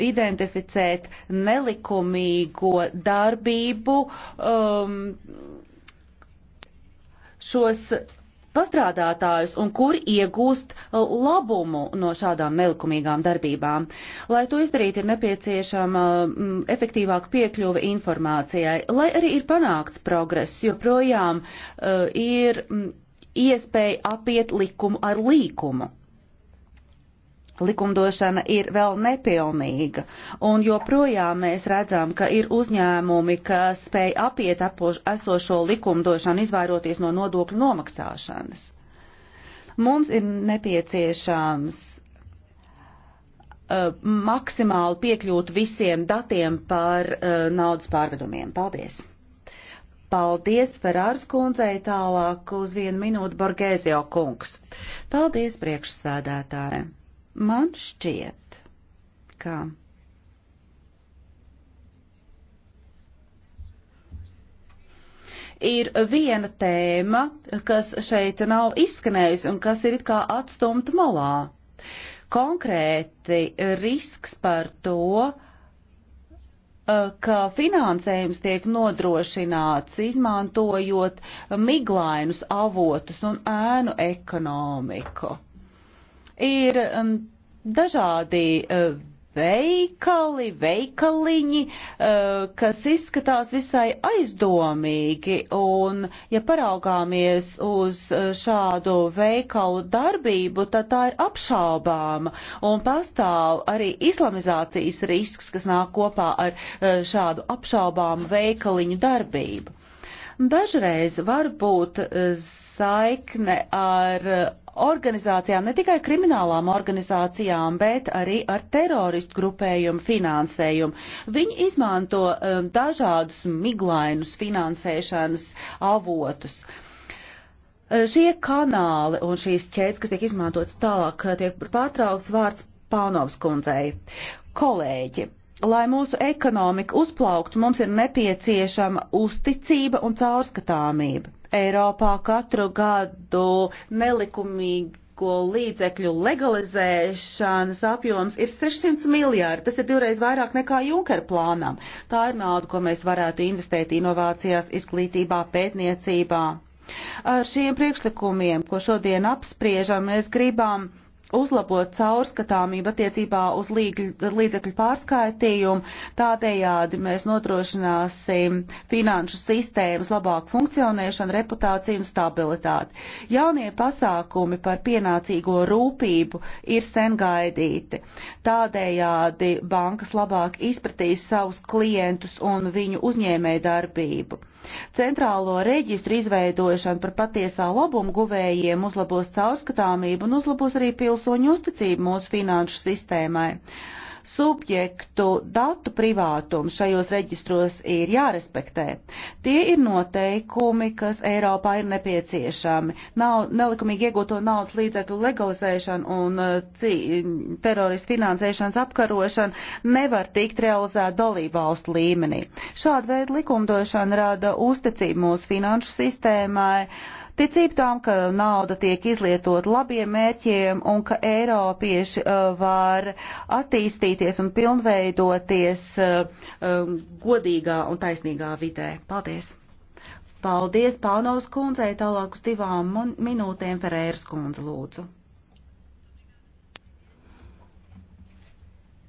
identificēt nelikumīgo darbību um, šos pastrādātājus un kuri iegūst labumu no šādām nelikumīgām darbībām. Lai to izdarītu, ir nepieciešama mm, efektīvāka piekļuve informācijai, lai arī ir panākts progress, joprojām uh, ir. Mm, iespēja apiet likumu ar līkumu. Likumdošana ir vēl nepilnīga, un joprojām mēs redzam, ka ir uzņēmumi, kas spēj apiet apoš, esošo likumdošanu, izvairoties no nodokļu nomaksāšanas. Mums ir nepieciešams uh, maksimāli piekļūt visiem datiem par uh, naudas pārvedumiem. Paldies! Paldies Ferārs kundzei tālāk uz vienu minūtu Borgēzio kungs. Paldies priekšsēdētāji. Man šķiet, ka. ir viena tēma, kas šeit nav izskanējusi un kas ir it kā atstumta malā. Konkrēti risks par to, Uh, ka finansējums tiek nodrošināts izmantojot miglainus avotus un ēnu ekonomiku. Ir um, dažādi uh, veikali, veikaliņi, eh, kas izskatās visai aizdomīgi, un ja paraugāmies uz eh, šādu veikalu darbību, tad tā ir apšaubāma, un pastāv arī islamizācijas risks, kas nāk kopā ar eh, šādu apšaubāmu veikaliņu darbību. Dažreiz var būt saikne ar organizācijām, ne tikai kriminālām organizācijām, bet arī ar teroristu grupējumu finansējumu. Viņi izmanto um, dažādus miglainus finansēšanas avotus. Uh, šie kanāli un šīs ķēdes, kas tiek izmantotas tālāk, uh, tiek pārtraukts vārds Pānovs kundzei. Kolēģi, Lai mūsu ekonomika uzplauktu, mums ir nepieciešama uzticība un caurskatāmība. Eiropā katru gadu nelikumīgi līdzekļu legalizēšanas apjoms ir 600 miljārdi. Tas ir divreiz vairāk nekā Junker plānam. Tā ir nauda, ko mēs varētu investēt inovācijās, izglītībā, pētniecībā. Ar šiem priekšlikumiem, ko šodien apspriežam, mēs gribam uzlabot caurskatāmību attiecībā uz līdzekļu pārskaitījumu. Tādējādi mēs nodrošināsim finanšu sistēmas labāku funkcionēšanu, reputāciju un stabilitāti. Jaunie pasākumi par pienācīgo rūpību ir sen gaidīti. Tādējādi bankas labāk izpratīs savus klientus un viņu uzņēmē darbību. Centrālo reģistru izveidošana par patiesā labumu guvējiem uzlabos caurskatāmību un uzlabos arī pilsētu pilsoņu uzticību mūsu finanšu sistēmai. Subjektu datu privātums šajos reģistros ir jārespektē. Tie ir noteikumi, kas Eiropā ir nepieciešami. Nav nelikumīgi iegūto naudas līdzekļu legalizēšana un uh, teroristu finansēšanas apkarošana nevar tikt realizēta dalību valstu līmenī. Šāda veida likumdošana rada uzticību mūsu finanšu sistēmai Ticība tām, ka nauda tiek izlietot labiem mērķiem un ka Eiropieši uh, var attīstīties un pilnveidoties uh, um, godīgā un taisnīgā vidē. Paldies! Paldies Pānaus kundzei, tālāk uz divām minūtēm Ferēras kundze lūdzu.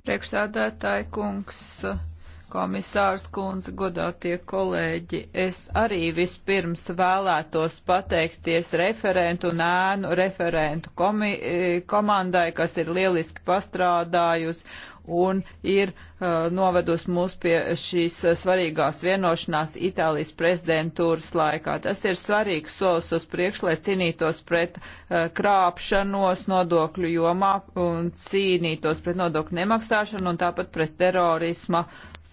Priekšsēdētāji kungs. Uh komisārs kundze, godātie kolēģi, es arī vispirms vēlētos pateikties referentu un ēnu referentu komi, komandai, kas ir lieliski pastrādājusi un ir uh, novedus mūs pie šīs svarīgās vienošanās Itālijas prezidentūras laikā. Tas ir svarīgs solis uz priekšu, lai cīnītos pret uh, krāpšanos nodokļu jomā un cīnītos pret nodokļu nemaksāšanu un tāpat pret terorisma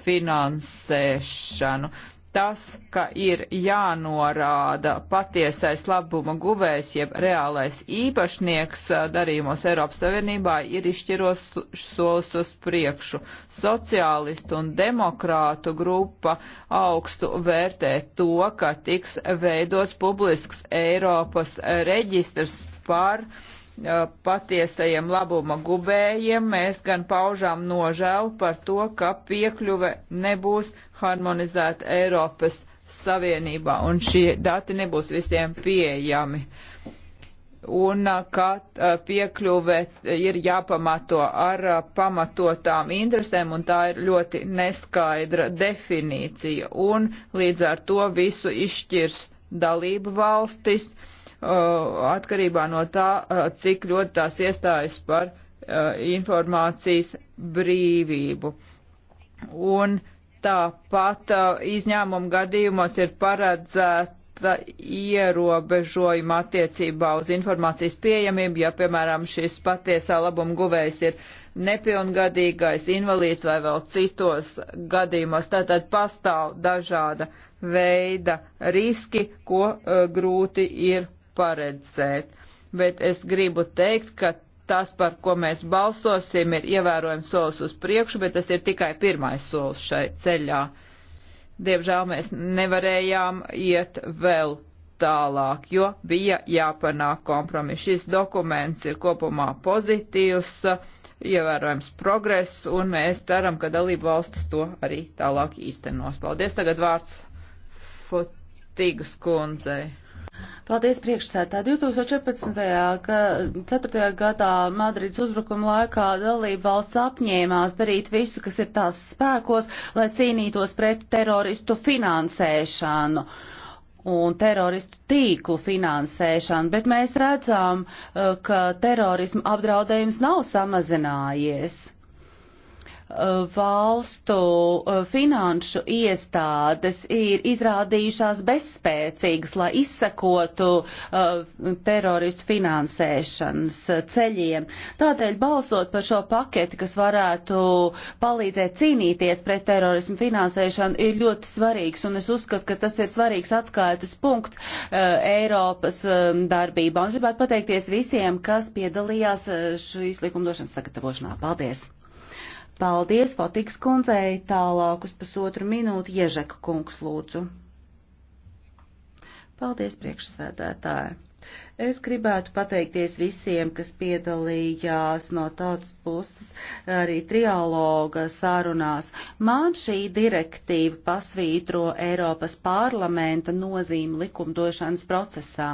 finansēšanu. Tas, ka ir jānorāda patiesais labuma guvējs, jeb reālais īpašnieks eh, darījumos Eiropas Savienībā, ir izšķiros solis uz priekšu. Sociālistu un demokrātu grupa augstu vērtē to, ka tiks veidots publisks Eiropas reģistrs par uh, patiesajiem labuma gubējiem, mēs gan paužām nožēlu par to, ka piekļuve nebūs harmonizēta Eiropas Savienībā un šie dati nebūs visiem pieejami. Un ka piekļuve ir jāpamato ar pamatotām interesēm, un tā ir ļoti neskaidra definīcija. Un līdz ar to visu izšķirs dalību valstis. Uh, Uh, atkarībā no tā, uh, cik ļoti tās iestājas par uh, informācijas brīvību. Un tāpat izņēmuma gadījumos ir paredzēta ierobežojuma attiecībā uz informācijas pieejamību, ja, piemēram, šis patiesā labuma guvējs ir nepilngadīgais, invalīds vai vēl citos gadījumos. Tātad pastāv dažāda veida riski, ko uh, grūti ir paredzēt. Bet es gribu teikt, ka tas, par ko mēs balsosim, ir ievērojams solis uz priekšu, bet tas ir tikai pirmais solis šai ceļā. Diemžēl mēs nevarējām iet vēl tālāk, jo bija jāpanāk kompromis. Šis dokuments ir kopumā pozitīvs, ievērojams progress, un mēs ceram, ka dalību valstis to arī tālāk īstenos. Paldies, tagad vārds Fotīgas kundzei. Paldies priekšsētā. 2014. Ka, 4. gadā Madrids uzbrukuma laikā dalība valsts apņēmās darīt visu, kas ir tās spēkos, lai cīnītos pret teroristu finansēšanu un teroristu tīklu finansēšanu, bet mēs redzam, eh, ka terorismu apdraudējums nav samazinājies valstu uh, finanšu iestādes ir izrādījušās bezspēcīgas, lai izsekotu uh, teroristu finansēšanas ceļiem. Tādēļ balsot par šo paketi, kas varētu palīdzēt cīnīties pret terorismu finansēšanu, ir ļoti svarīgs, un es uzskatu, ka tas ir svarīgs atskaitas punkts uh, Eiropas um, darbībā. Un es gribētu pateikties visiem, kas piedalījās uh, šīs likumdošanas sagatavošanā. Paldies! Paldies, Fotiks kundzei, tālāk uz pusotru minūti Ježeka kungs lūdzu. Paldies, priekšsēdētāji. Es gribētu pateikties visiem, kas piedalījās no tādas puses arī trialoga sārunās. Man šī direktīva pasvītro Eiropas parlamenta nozīmi likumdošanas procesā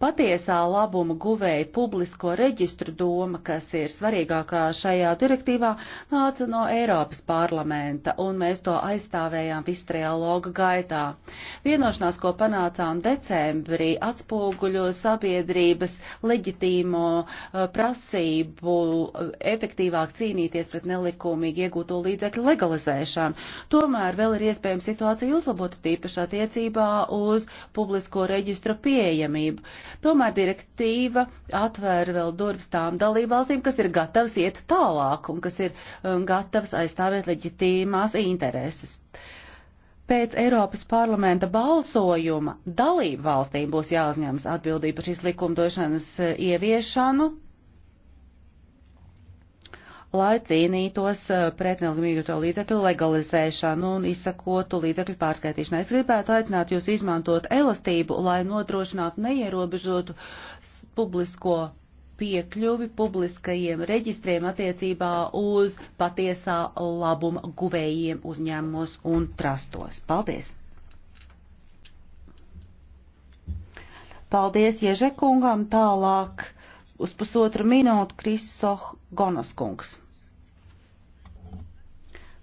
patiesā labuma guvēja publisko reģistru doma, kas ir svarīgākā šajā direktīvā, nāca no Eiropas parlamenta, un mēs to aizstāvējām visu trialoga gaitā. Vienošanās, ko panācām decembrī, atspoguļo sabiedrības leģitīmo uh, prasību uh, efektīvāk cīnīties pret nelikumīgi iegūto līdzekļu legalizēšanu. Tomēr vēl ir iespējams situācija uzlabot tīpaši attiecībā uz publisko reģistru pieejamību. Tomēr direktīva atvēra vēl durvis tām dalībvalstīm, kas ir gatavas iet tālāk un kas ir um, gatavas aizstāvēt leģitīmās intereses. Pēc Eiropas parlamenta balsojuma dalību valstīm būs jāuzņemas atbildība par šīs likumdošanas uh, ieviešanu lai cīnītos eh, pret nelikumīgo līdzekļu legalizēšanu un izsakotu līdzekļu pārskaitīšanai. Es gribētu aicināt jūs izmantot elastību, lai nodrošinātu neierobežotu publisko piekļuvi publiskajiem reģistriem attiecībā uz patiesā labuma guvējiem uzņēmumos un trastos. Paldies! Paldies Ježekungam tālāk! uz pusotru minūtu Krisoh Gonoskungs.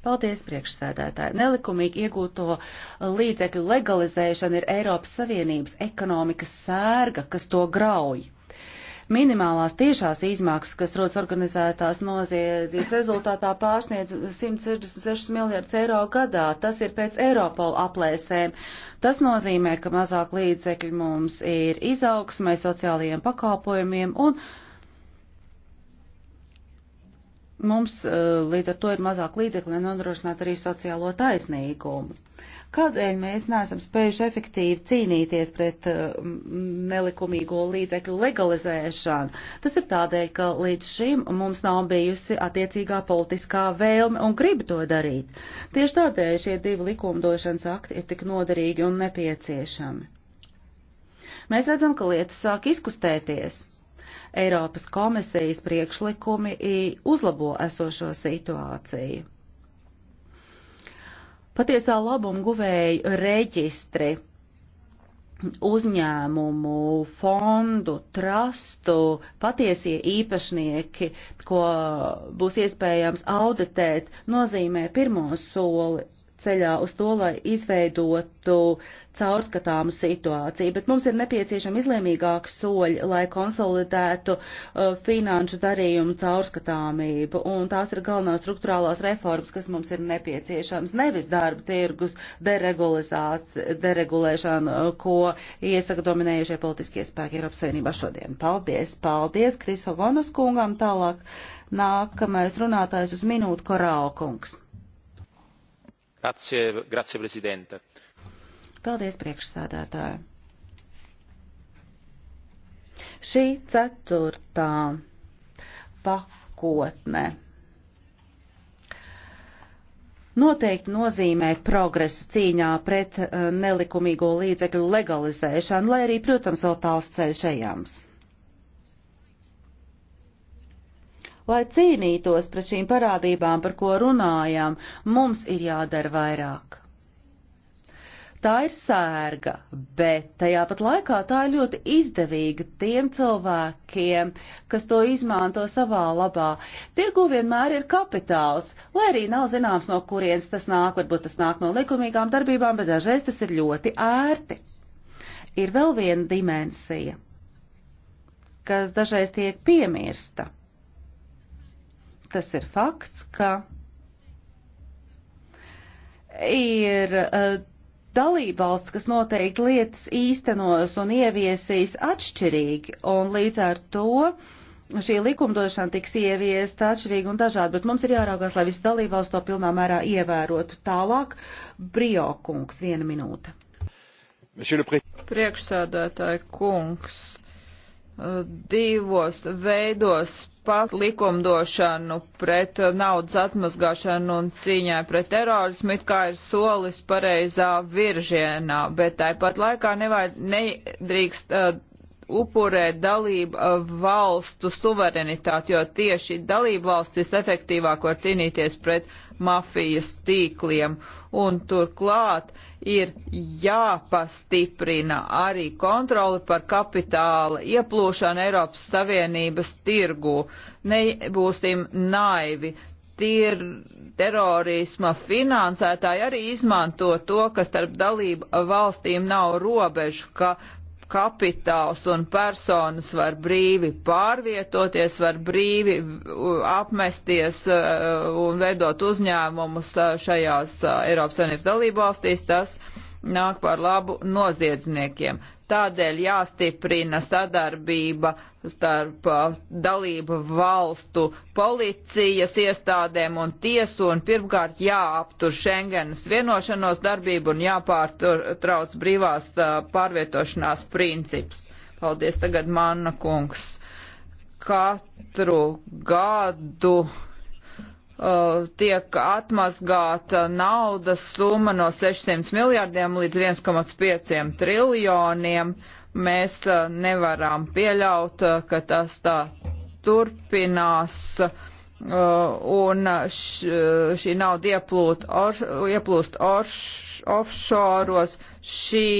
Paldies, priekšsēdētāji. Nelikumīgi iegūto līdzekļu legalizēšana ir Eiropas Savienības ekonomikas sērga, kas to grauj minimālās tiešās izmaksas, kas rodas organizētās noziedzības rezultātā pārsniedz 166 miljardus eiro gadā. Tas ir pēc Eiropola aplēsēm. Tas nozīmē, ka mazāk līdzekļu mums ir izaugsmai, sociālajiem pakalpojumiem un mums eh, līdz ar to ir mazāk līdzekļu, lai nodrošinātu arī sociālo taisnīgumu. Kādēļ mēs neesam spējuši efektīvi cīnīties pret uh, nelikumīgo līdzekļu legalizēšanu? Tas ir tādēļ, ka līdz šim mums nav bijusi attiecīgā politiskā vēlme un griba to darīt. Tieši tādēļ šie divi likumdošanas akti ir tik noderīgi un nepieciešami. Mēs redzam, ka lietas sāk izkustēties. Eiropas komisijas priekšlikumi uzlabo esošo situāciju patiesā labuma guvēju reģistri, uzņēmumu, fondu, trastu, patiesie īpašnieki, ko būs iespējams auditēt, nozīmē pirmo soli ceļā uz to, lai izveidotu caurskatāmu situāciju, bet mums ir nepieciešama izlēmīgāka soļa, lai konsolidētu uh, finanšu darījumu caurskatāmību, un tās ir galvenās struktūrālās reformas, kas mums ir nepieciešams, nevis darba tirgus deregulēšana, uh, ko iesaka dominējušie politiskie spēki Eiropas Savienībā šodien. Paldies, paldies Krisovonas kungam, tālāk nākamais runātājs uz minūtu Korālkungs. Grazie, grazie prezidente. Paldies, priekšsādātāji. Šī ceturtā pakotne noteikti nozīmē progresu cīņā pret eh, nelikumīgo līdzekļu legalizēšanu, lai arī, protams, vēl tāls ceļš ejams. Lai cīnītos pret šīm parādībām, par ko runājām, mums ir jādara vairāk. Tā ir sērga, bet tajā pat laikā tā ir ļoti izdevīga tiem cilvēkiem, kas to izmanto savā labā. Tirgu vienmēr ir kapitāls, lai arī nav zināms, no kurienes tas nāk, varbūt tas nāk no likumīgām darbībām, bet dažreiz tas ir ļoti ērti. Ir vēl viena dimensija, kas dažreiz tiek piemirsta tas ir fakts, ka ir eh, dalībvalsts, kas noteikti lietas īstenos un ieviesīs atšķirīgi, un līdz ar to šī likumdošana tiks ieviesta atšķirīgi un dažādi, bet mums ir jāraugās, lai visi dalībvalsts to pilnā mērā ievērotu. Tālāk, Brio kungs, viena minūte. Priekšsēdētāji kungs, eh, divos veidos pat likumdošanu pret naudas atmazgāšanu un cīņai pret terorismu it kā ir solis pareizā virzienā, bet tāpat laikā nevajad, nedrīkst uh, upurēt dalību uh, valstu suverenitāti, jo tieši dalību valstis efektīvāk var cīnīties pret mafijas tīkliem. Un turklāt ir jāpastiprina arī kontroli par kapitāla ieplūšanu Eiropas Savienības tirgu. Nebūsim naivi tir, terorisma finansētāji arī izmanto to, ka starp dalību valstīm nav robežu, ka kapitāls un personas var brīvi pārvietoties, var brīvi apmesties e, un veidot uzņēmumus e, šajās e, Eiropas Savienības dalībvalstīs, tas nāk par labu noziedzniekiem. Tādēļ jāstiprina sadarbība starp uh, dalību valstu policijas iestādēm un tiesu un pirmkārt jāaptur Schengenas vienošanos darbību un jāpārtrauc brīvās uh, pārvietošanās princips. Paldies tagad, Manna kungs. Katru gadu Uh, tiek atmazgāta naudas summa no 600 miljārdiem līdz 1,5 triljoniem. Mēs uh, nevaram pieļaut, uh, ka tas tā turpinās un šī nauda ieplūt or, ieplūst orš, offšoros. Šī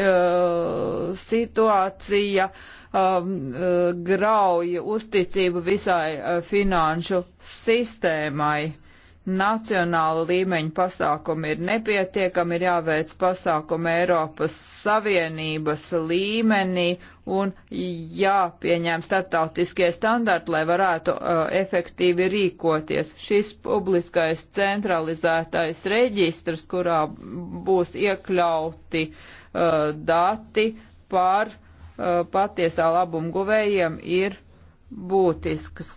uh, situācija uh, um, uh, grauja uzticību visai uh, finanšu sistēmai. Nacionāla līmeņa pasākumi ir nepietiekami, ir jāveic pasākumi Eiropas Savienības līmenī un jāpieņem startautiskie standarti, lai varētu uh, efektīvi rīkoties. Šis publiskais centralizētais reģistrs, kurā būs iekļauti uh, dati par uh, Uh, patiesā labuma guvējiem ir būtisks.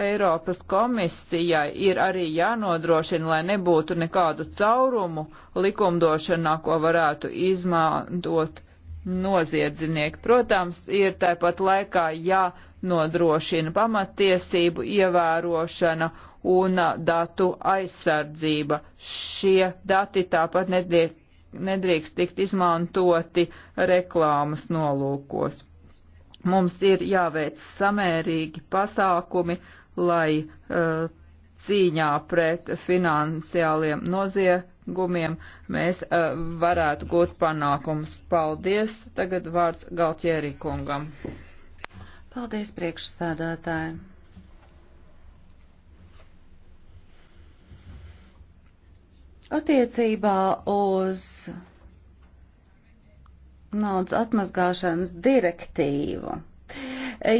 Eiropas komisijai ir arī jānodrošina, lai nebūtu nekādu caurumu likumdošanā, ko varētu izmantot noziedznieki. Protams, ir tāpat laikā jānodrošina pamatiesību ievērošana un datu aizsardzība. Šie dati tāpat netiek nedrīkst tikt izmantoti reklāmas nolūkos. Mums ir jāveic samērīgi pasākumi, lai uh, cīņā pret finansiāliem noziegumiem mēs uh, varētu gūt panākumus. Paldies! Tagad vārds Galtjērī kungam. Paldies priekšstādātājiem! Attiecībā uz naudas atmazgāšanas direktīvu.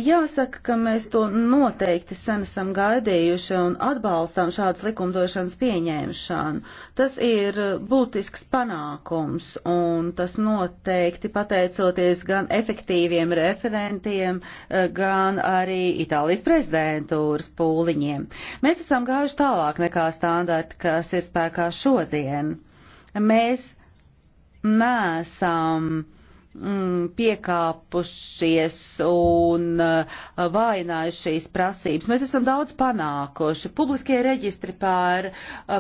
Jāsaka, ka mēs to noteikti sen esam gaidījuši un atbalstām šādas likumdošanas pieņēmšanu. Tas ir būtisks panākums un tas noteikti pateicoties gan efektīviem referentiem, gan arī Itālijas prezidentūras pūliņiem. Mēs esam gājuši tālāk nekā standarti, kas ir spēkā šodien. Mēs nesam Mm, piekāpušies un eh, vājinājuši šīs prasības. Mēs esam daudz panākuši. Publiskie reģistri pār eh,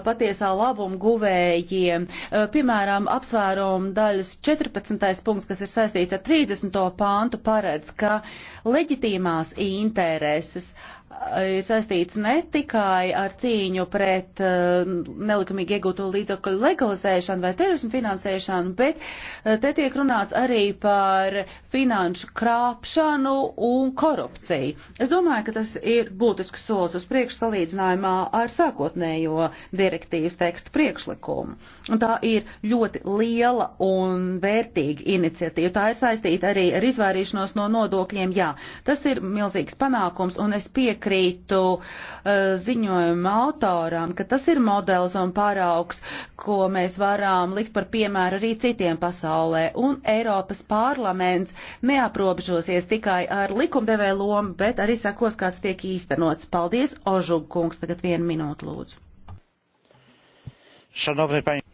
patiesā labuma guvējiem, eh, piemēram, apsvērumu daļas 14. punkts, kas ir saistīts ar 30. pāntu, paredz, ka leģitīmās intereses uh, ir saistīts ne tikai ar cīņu pret uh, nelikumīgi iegūto līdzakļu legalizēšanu vai terorismu finansēšanu, bet uh, te tiek runāts arī par finanšu krāpšanu un korupciju. Es domāju, ka tas ir būtisks solis uz priekšu salīdzinājumā ar sākotnējo direktīvas tekstu priekšlikumu. Un tā ir ļoti liela un vērtīga iniciatīva. Tā ir saistīta arī ar izvairīšanos no nodokļiem. Jā, tas ir milzīgs panākums un es piekrītu piekrītu eh, ziņojuma autoram, ka tas ir modelis un paraugs, ko mēs varam likt par piemēru arī citiem pasaulē. Un Eiropas parlaments neaprobežosies tikai ar likumdevēju lomu, bet arī sakos, kāds tiek īstenots. Paldies, Ožug kungs, tagad vienu minūtu lūdzu. Šanovni paņi.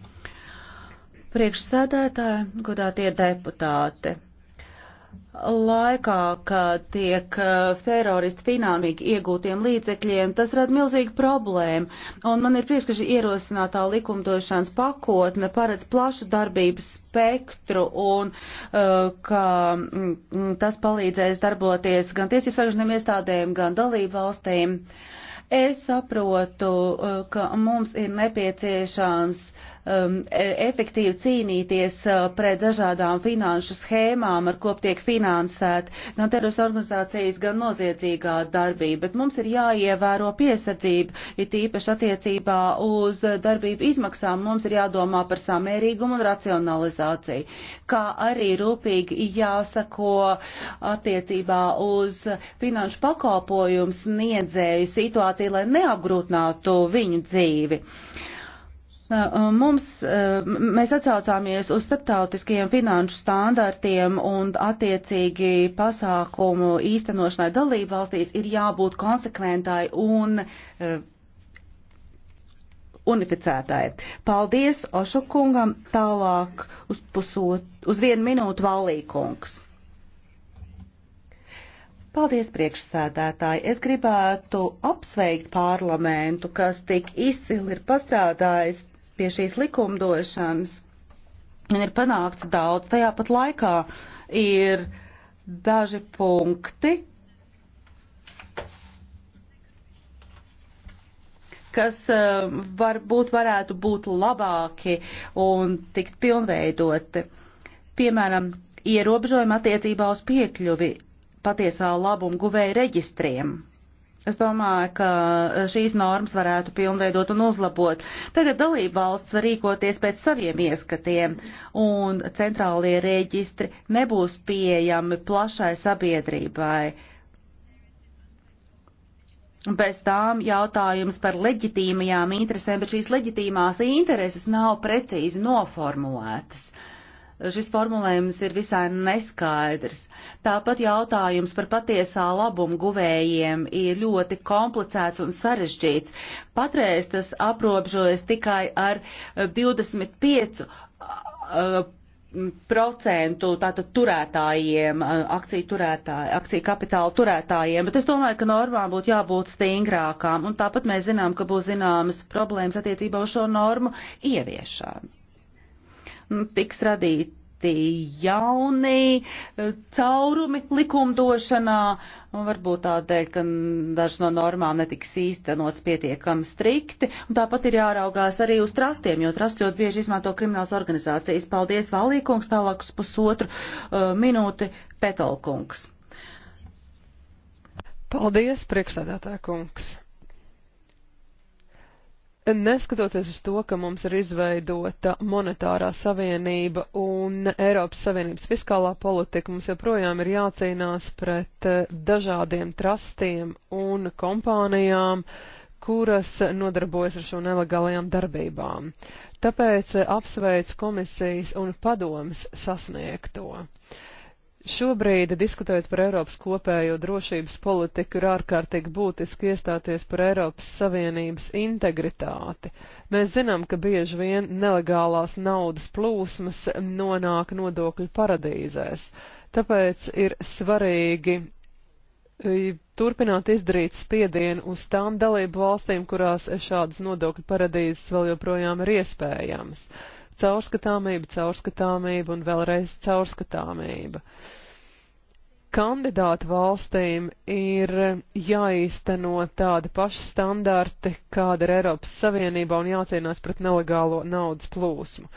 Priekšsēdētāji, godātie deputāti laikā, kad tiek uh, teroristi finansīgi iegūtiem līdzekļiem, tas rada milzīgu problēmu. Un man ir prieks, ka šī ierosinātā likumdošanas pakotne paredz plašu darbības spektru un uh, ka mm, tas palīdzēs darboties gan tiesības sargšaniem iestādēm, gan dalību valstīm. Es saprotu, uh, ka mums ir nepieciešams um, e, efektīvi cīnīties uh, pret dažādām finanšu schēmām, ar ko tiek finansēta gan teroristu organizācijas, gan noziedzīgā darbība. Bet mums ir jāievēro piesardzība, ir tīpaši attiecībā uz darbību izmaksām. Mums ir jādomā par samērīgumu un racionalizāciju, kā arī rūpīgi jāsako attiecībā uz finanšu pakalpojumu sniedzēju situāciju, lai neapgrūtinātu viņu dzīvi. Uh, Uh, mums, uh, mēs atsaucāmies uz starptautiskajiem finanšu standartiem un attiecīgi pasākumu īstenošanai dalību valstīs ir jābūt konsekventai un uh, unificētai. Paldies Ošukungam, tālāk uz, pusot, uz vienu minūtu valīkungs. Paldies, priekšsēdētāji! Es gribētu apsveikt parlamentu, kas tik izcili ir pastrādājis pie šīs likumdošanas, un ir panākts daudz. Tajā pat laikā ir daži punkti, kas e, varbūt varētu būt labāki un tikt pilnveidoti. Piemēram, ierobežojumi attiecībā uz piekļuvi patiesā labuma guvēja reģistriem. Es domāju, ka e, šīs normas varētu pilnveidot un uzlabot. Tagad dalība valsts var rīkoties pēc saviem ieskatiem, un centrālie reģistri nebūs pieejami plašai sabiedrībai. Bez tām jautājums par leģitīmajām interesēm, bet šīs leģitīmās intereses nav precīzi noformulētas. Uh, šis formulējums ir visai neskaidrs. Tāpat jautājums par patiesā labumu guvējiem ir ļoti komplicēts un sarežģīts. Patreiz tas aprobežojas tikai ar 25 procentu tātad turētājiem, akciju, turētāji, akciju kapitāla turētājiem, bet es domāju, ka normām būtu jābūt stingrākām, un tāpat mēs zinām, ka būs zināmas problēmas attiecībā uz šo normu ieviešanu tiks radīti jauni e, caurumi likumdošanā, varbūt tādēļ, ka dažas no normām netiks īstenots pietiekami strikti, un tāpat ir jāraugās arī uz trastiem, jo trastot bieži izmanto kriminālas organizācijas. Paldies, Valīkungs, tālāk uz pusotru uh, minūti Petolkungs. Paldies, priekšsēdētā kungs. Neskatoties uz to, ka mums ir izveidota monetārā savienība un Eiropas Savienības fiskālā politika, mums joprojām ir jācīnās pret eh, dažādiem trastiem un kompānijām, kuras nodarbojas ar šo nelegālajām darbībām. Tāpēc eh, apsveic komisijas un padomas sasniegto. Šobrīd, diskutējot par Eiropas kopējo drošības politiku, ir ārkārtīgi būtiski iestāties par Eiropas Savienības integritāti. Mēs zinām, ka bieži vien nelegālās naudas plūsmas nonāk nodokļu paradīzēs, tāpēc ir svarīgi turpināt izdarīt spiedienu uz tām dalību valstīm, kurās šādas nodokļu paradīzes vēl joprojām ir iespējams. Uh, Caurskatāmība, caurskatāmība un vēlreiz caurskatāmība. Kandidātu valstīm ir jāīsteno tādi paši standarti, kāda ir Eiropas Savienībā un jācīnās pret nelegālo naudas plūsmu.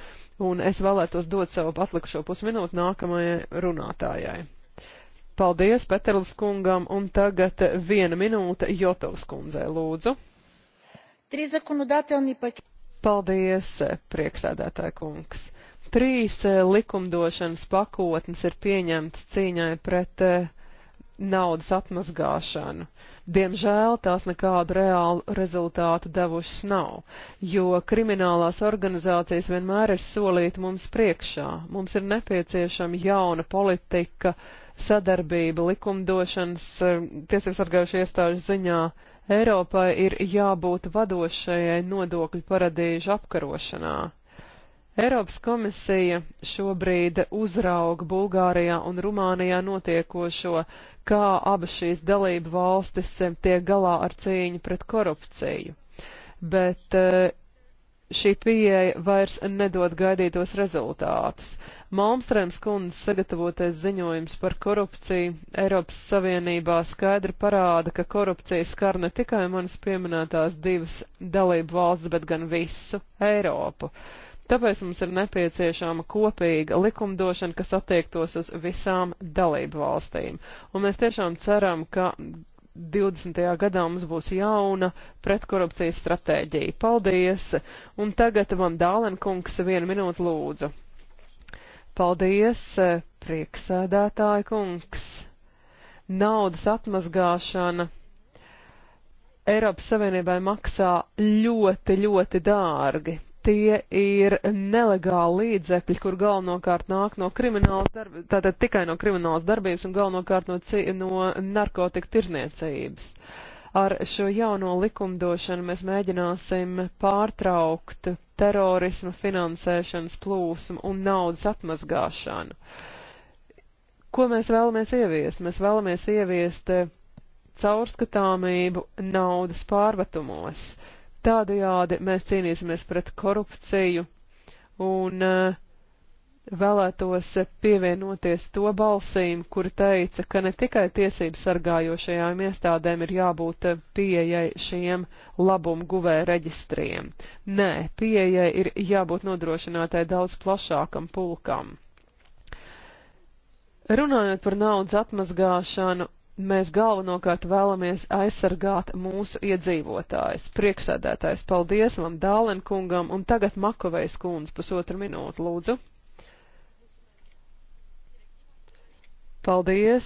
Un es vēlētos dot savu atlikušo pusminūtu nākamajai runātājai. Paldies Peterlis kungam un tagad viena minūte Jotovs kundzei lūdzu. Trīs zakonodatelni paketi Paldies, priekšsēdētāja kungs. Trīs eh, likumdošanas pakotnes ir pieņemtas cīņai pret eh, naudas atmazgāšanu. Diemžēl tās nekādu reālu rezultātu devušas nav, jo kriminālās organizācijas vienmēr ir solīti mums priekšā. Mums ir nepieciešama jauna politika, sadarbība likumdošanas eh, tiesības sargājušu iestāžu ziņā, Eiropai ir jābūt vadošajai nodokļu paradīžu apkarošanā. Eiropas komisija šobrīd uzrauga Bulgārijā un Rumānijā notiekošo, kā abas šīs dalību valstis tiek galā ar cīņu pret korupciju. Bet eh, šī pieeja vairs nedod gaidītos rezultātus. Malmstrēms kundzes sagatavotais ziņojums par korupciju Eiropas Savienībā skaidri parāda, ka korupcija skar ne tikai manas pieminētās divas dalību valsts, bet gan visu Eiropu. Tāpēc mums ir nepieciešama kopīga likumdošana, kas attiektos uz visām dalību valstīm. Un mēs tiešām ceram, ka 20. gadā mums būs jauna pretkorupcijas stratēģija. Paldies! Un tagad man Dālenkungs vienu minūtu lūdzu. Paldies, e, prieksēdētāja kungs! Naudas atmazgāšana Eiropas Savienībai maksā ļoti, ļoti dārgi. Tie ir nelegāli līdzekļi, kur galvenokārt nāk no kriminālas darbības, tātad tikai no kriminālas darbības un galvenokārt no, no narkotika tirzniecības. Uh, Ar šo jauno likumdošanu mēs mēģināsim pārtraukt terorismu finansēšanas plūsmu un naudas atmazgāšanu. Ko mēs vēlamies ieviest? Mēs vēlamies ieviest caurskatāmību naudas pārvatumos. Tādējādi mēs cīnīsimies pret korupciju un uh, vēlētos pievienoties to balsīm, kuri teica, ka ne tikai tiesību sargājošajām iestādēm ir jābūt pieejai šiem labumguvē reģistriem. Nē, pieejai ir jābūt nodrošinātai daudz plašākam pulkam. Runājot par naudas atmazgāšanu, mēs galvenokārt vēlamies aizsargāt mūsu iedzīvotājs. Priekšsēdētājs, paldies vam Dālenkungam un tagad Makovejs kundz pusotru minūtu, lūdzu. Paldies,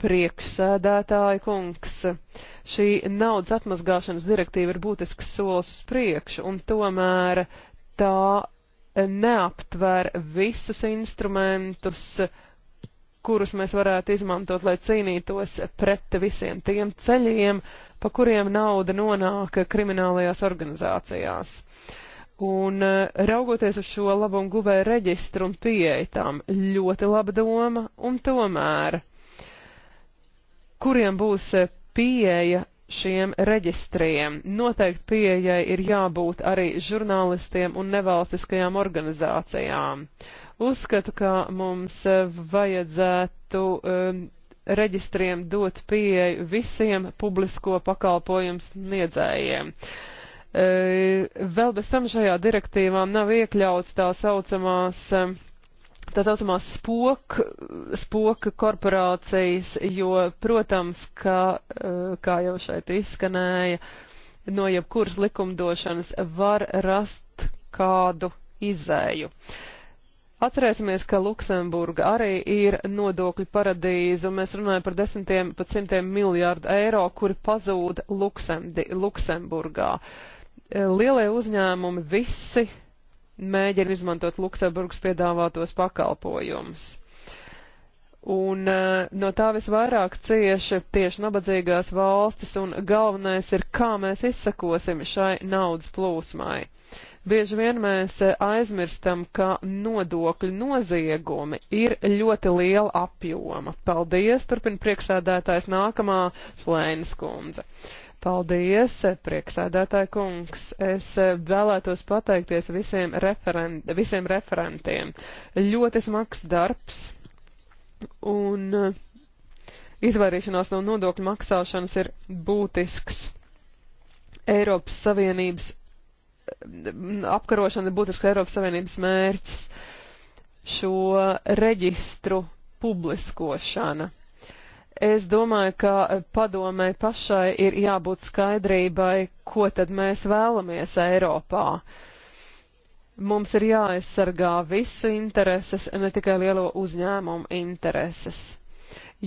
priekšsēdētāja kungs. Šī naudas atmazgāšanas direktīva ir būtisks solis uz priekšu, un tomēr tā neaptver visus instrumentus, kurus mēs varētu izmantot, lai cīnītos pret visiem tiem ceļiem, pa kuriem nauda nonāk kriminālajās organizācijās. Uh, Un eh, raugoties uz šo labumu guvēju reģistru un pieeja tam, ļoti laba doma, un tomēr, kuriem būs eh, pieeja šiem reģistriem, noteikti pieejai ir jābūt arī žurnālistiem un nevalstiskajām organizācijām. Uzskatu, ka mums eh, vajadzētu um, reģistriem dot pieeju visiem publisko pakalpojumu sniedzējiem. Uh, E, vēl bez tam šajā direktīvā nav iekļauts tā saucamās e, tā saucamās spoka, spoka korporācijas, jo, protams, ka, e, kā jau šeit izskanēja, no jebkuras likumdošanas var rast kādu izēju. Atcerēsimies, ka Luksemburga arī ir nodokļu paradīze, un mēs runājam par desmitiem pat simtiem miljārdu eiro, kuri pazūd Luksemdi, Luksemburgā. Uh, Eh, lielie uzņēmumi visi mēģina izmantot Luksemburgas piedāvātos pakalpojumus. Un eh, no tā visvairāk cieši tieši nabadzīgās valstis, un galvenais ir, kā mēs izsakosim šai naudas plūsmai. Bieži vien mēs eh, aizmirstam, ka nodokļu noziegumi ir ļoti liela apjoma. Paldies, turpina priekšsēdētājs nākamā Flēnas kundze. Uh, Paldies, prieksēdētāji kungs. Es vēlētos pateikties visiem, referen visiem referentiem. Ļoti smags darbs un izvairīšanās no nodokļu maksāšanas ir būtisks Eiropas Savienības apkarošana ir būtisks Eiropas Savienības mērķis šo reģistru publiskošana. Es domāju, ka padomē pašai ir jābūt skaidrībai, ko tad mēs vēlamies Eiropā. Mums ir jāaizsargā visu intereses, ne tikai lielo uzņēmumu intereses.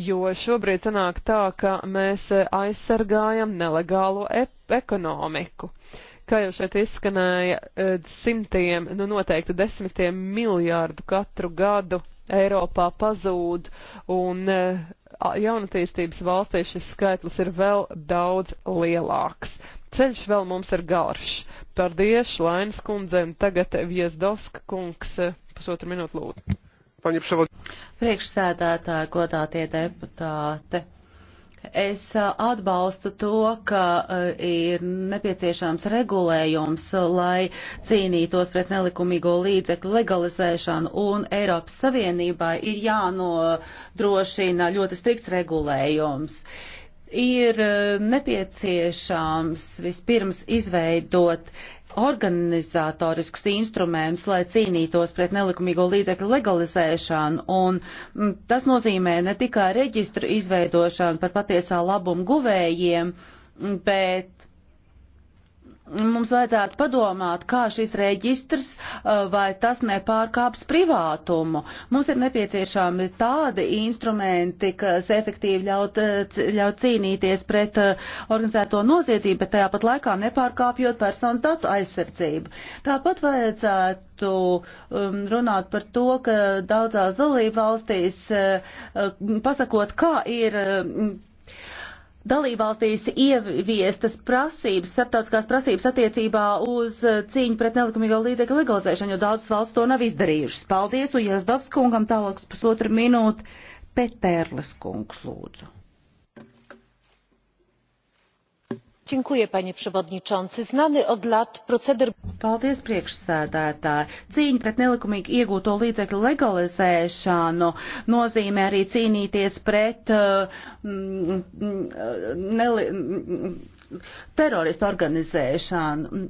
Jo šobrīd sanāk tā, ka mēs aizsargājam nelegālo e ekonomiku. Kā jau šeit izskanēja, e, simtiem, nu noteikti desmitiem miljārdu katru gadu Eiropā pazūd, un e, jaunatīstības valstīs šis skaitlis ir vēl daudz lielāks. Ceļš vēl mums ir garš. Paldies Lainas kundzēm, tagad Viesdovska kungs, pusotru minūtu lūdzu. Priekšsēdētāji, godātie deputāte. Es uh, atbalstu to, ka uh, ir nepieciešams regulējums, lai cīnītos pret nelikumīgo līdzekļu legalizēšanu, un Eiropas Savienībai ir jānodrošina ļoti strikts regulējums. Ir uh, nepieciešams vispirms izveidot organizatoriskus instrumentus, lai cīnītos pret nelikumīgo līdzekļu legalizēšanu, un mm, tas nozīmē ne tikai reģistru izveidošanu par patiesā labumu guvējiem, mm, bet mums vajadzētu padomāt, kā šis reģistrs uh, vai tas nepārkāps privātumu. Mums ir nepieciešami tādi instrumenti, kas efektīvi ļaut, uh, ļaut cīnīties pret uh, organizēto noziedzību, bet tajā pat laikā nepārkāpjot personas datu aizsardzību. Tāpat vajadzētu varētu um, runāt par to, ka daudzās dalību valstīs, pasakot, kā ir um, dalībvalstīs ieviestas prasības, starptautiskās prasības attiecībā uz cīņu pret nelikumīgo līdzekļu legalizēšanu, jo daudzas valsts to nav izdarījušas. Paldies, un Jāsdovs kungam tālāks pusotru minūtu Petērles kungs lūdzu. panie przewodniczący! znany od lat proceder. paldies priekšsēdētāj! cīņa pret nelikumīgi iegūto līdzekļu legalizēšanu nozīmē arī cīnīties pret uh, mm, mm, mm neli, mm, teroristu organizēšanu.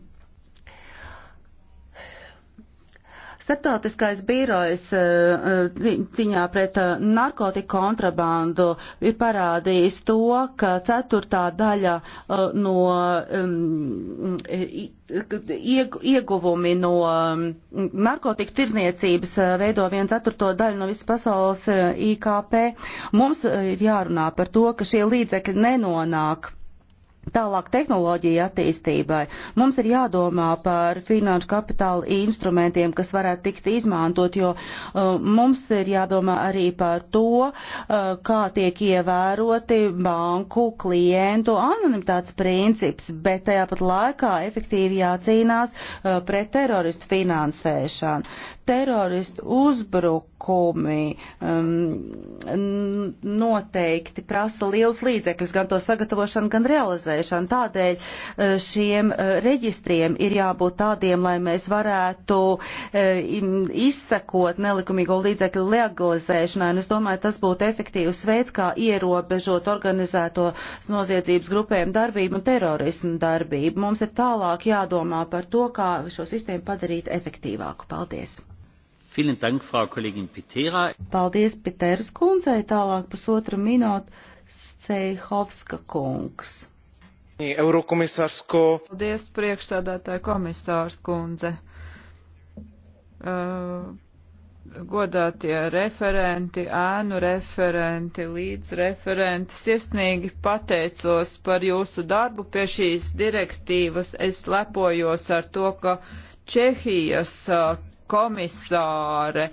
Startautiskais birojs eh, eh, ciņā pret eh, narkotiku kontrabandu ir parādījis to, ka ceturtā daļa no ieguvumi no narkotiku tirzniecības veido 1 ceturto daļu no visas pasaules IKP. Mums ir jārunā par to, ka šie līdzekļi nenonāk Tālāk tehnoloģija attīstībai. Mums ir jādomā par finanšu kapitāla instrumentiem, kas varētu tikt izmantot, jo uh, mums ir jādomā arī par to, uh, kā tiek ievēroti banku klientu anonimitātes princips, bet tajā pat laikā efektīvi jācīnās uh, pret teroristu finansēšanu. Teroristu uzbruk pasākumi um, noteikti prasa liels līdzekļus, gan to sagatavošanu, gan realizēšanu. Tādēļ uh, šiem uh, reģistriem ir jābūt tādiem, lai mēs varētu uh, izsekot nelikumīgo līdzekļu legalizēšanai. Un es domāju, tas būtu efektīvs veids, kā ierobežot organizēto noziedzības grupējumu darbību un terorismu darbību. Mums ir tālāk jādomā par to, kā šo sistēmu padarīt efektīvāku. Paldies! Dank, Frau Paldies Pitēras kundzei, tālāk pusotra minūte Ceihovska kungs. Eurokomisārsko. Paldies priekšsādātāja komisārs kundze. Uh, godātie referenti, ēnu referenti, līdz referenti. Sirsnīgi pateicos par jūsu darbu pie šīs direktīvas. Es lepojos ar to, ka Čehijas uh, komisāre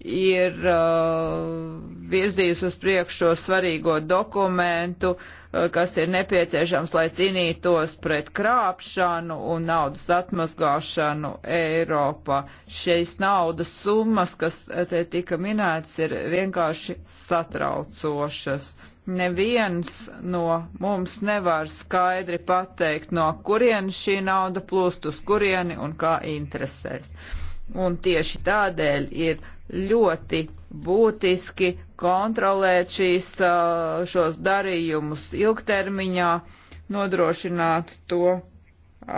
ir uh, virzījusi uz priekšu šo svarīgo dokumentu, uh, kas ir nepieciešams, lai cīnītos pret krāpšanu un naudas atmazgāšanu Eiropā. Šeis naudas summas, kas te tika minētas, ir vienkārši satraucošas. Neviens no mums nevar skaidri pateikt, no kurien šī nauda plūst, uz kurieni un kā interesēs. Uh, Un tieši tādēļ ir ļoti būtiski kontrolēt šīs, šos darījumus ilgtermiņā, nodrošināt to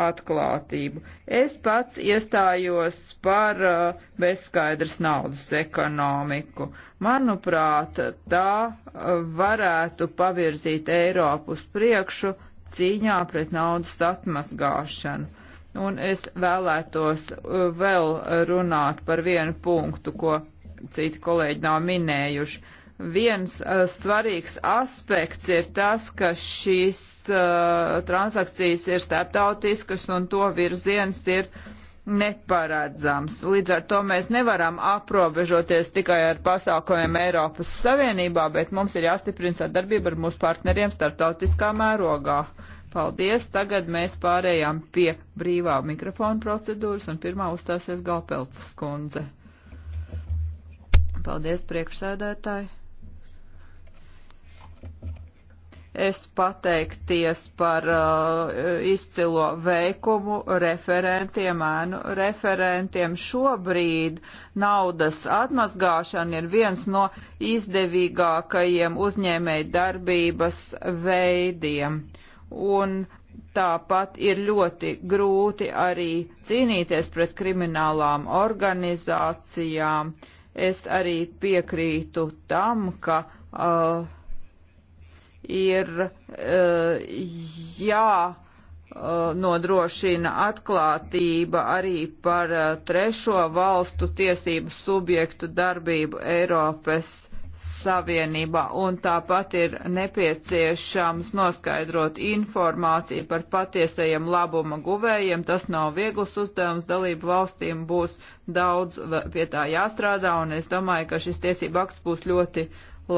atklātību. Es pats iestājos par uh, bezskaidras naudas ekonomiku. Manuprāt, tā uh, varētu pavirzīt Eiropu uz priekšu cīņā pret naudas atmazgāšanu. Un es vēlētos uh, vēl runāt par vienu punktu, ko citi kolēģi nav minējuši. Viens uh, svarīgs aspekts ir tas, ka šīs uh, transakcijas ir starptautiskas un to virziens ir neparedzams. Līdz ar to mēs nevaram aprobežoties tikai ar pasākumiem Eiropas Savienībā, bet mums ir jāstiprina sadarbība ar mūsu partneriem starptautiskā mērogā. Uh, Paldies! Tagad mēs pārējām pie brīvā mikrofona procedūras, un pirmā uzstāsies Galpelcas kundze. Paldies, priekšsēdētāji! Es pateikties par uh, izcilo veikumu referentiem, ēnu referentiem. Šobrīd naudas atmazgāšana ir viens no izdevīgākajiem uzņēmēji darbības veidiem. Uh, un tāpat ir ļoti grūti arī cīnīties pret kriminālām organizācijām. Es arī piekrītu tam, ka uh, ir uh, jā uh, nodrošina atklātība arī par uh, trešo valstu tiesību subjektu darbību Eiropas Savienībā, un tāpat ir nepieciešams noskaidrot informāciju par patiesajiem labuma guvējiem. Tas nav viegls uzdevums, dalību valstīm būs daudz pie tā jāstrādā, un es domāju, ka šis tiesība akts būs ļoti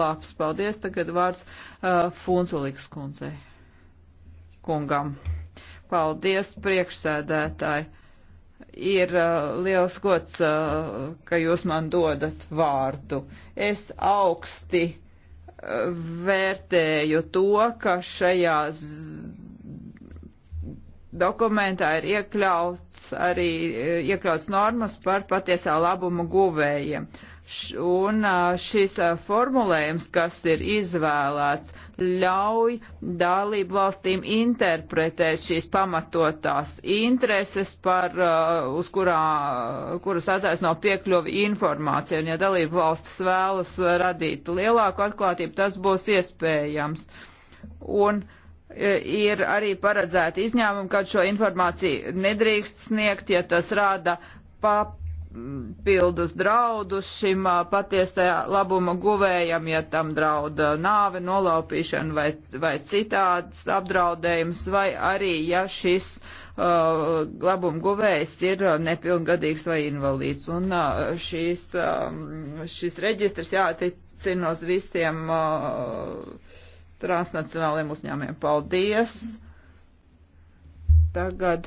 labs. Paldies, tagad vārds uh, Funzulikas kundzei. Kungam. Paldies, priekšsēdētāji ir uh, liels gods, uh, ka jūs man dodat vārdu. Es augsti uh, vērtēju to, ka šajā dokumentā ir iekļauts arī uh, iekļauts normas par patiesā labumu guvējiem. Uh, Un šis formulējums, kas ir izvēlēts, ļauj dalību valstīm interpretēt šīs pamatotās intereses, par, uz kurā, kuras attaisno piekļuvi informācija. Un ja dalību valstis vēlas radīt lielāku atklātību, tas būs iespējams. Un, uh, ir arī paredzēti izņēmumi, kad šo informāciju nedrīkst sniegt, ja tas rāda pap pildus draudus šim patiesajā labuma guvējam, ja tam drauda nāve, nolaupīšana vai, vai citāds apdraudējums, vai arī, ja šis uh, labuma guvējs ir nepilngadīgs vai invalīds. Un uh, šis, uh, šis reģistrs jāatticina uz visiem uh, transnacionāliem uzņēmiem. Paldies! Tagad.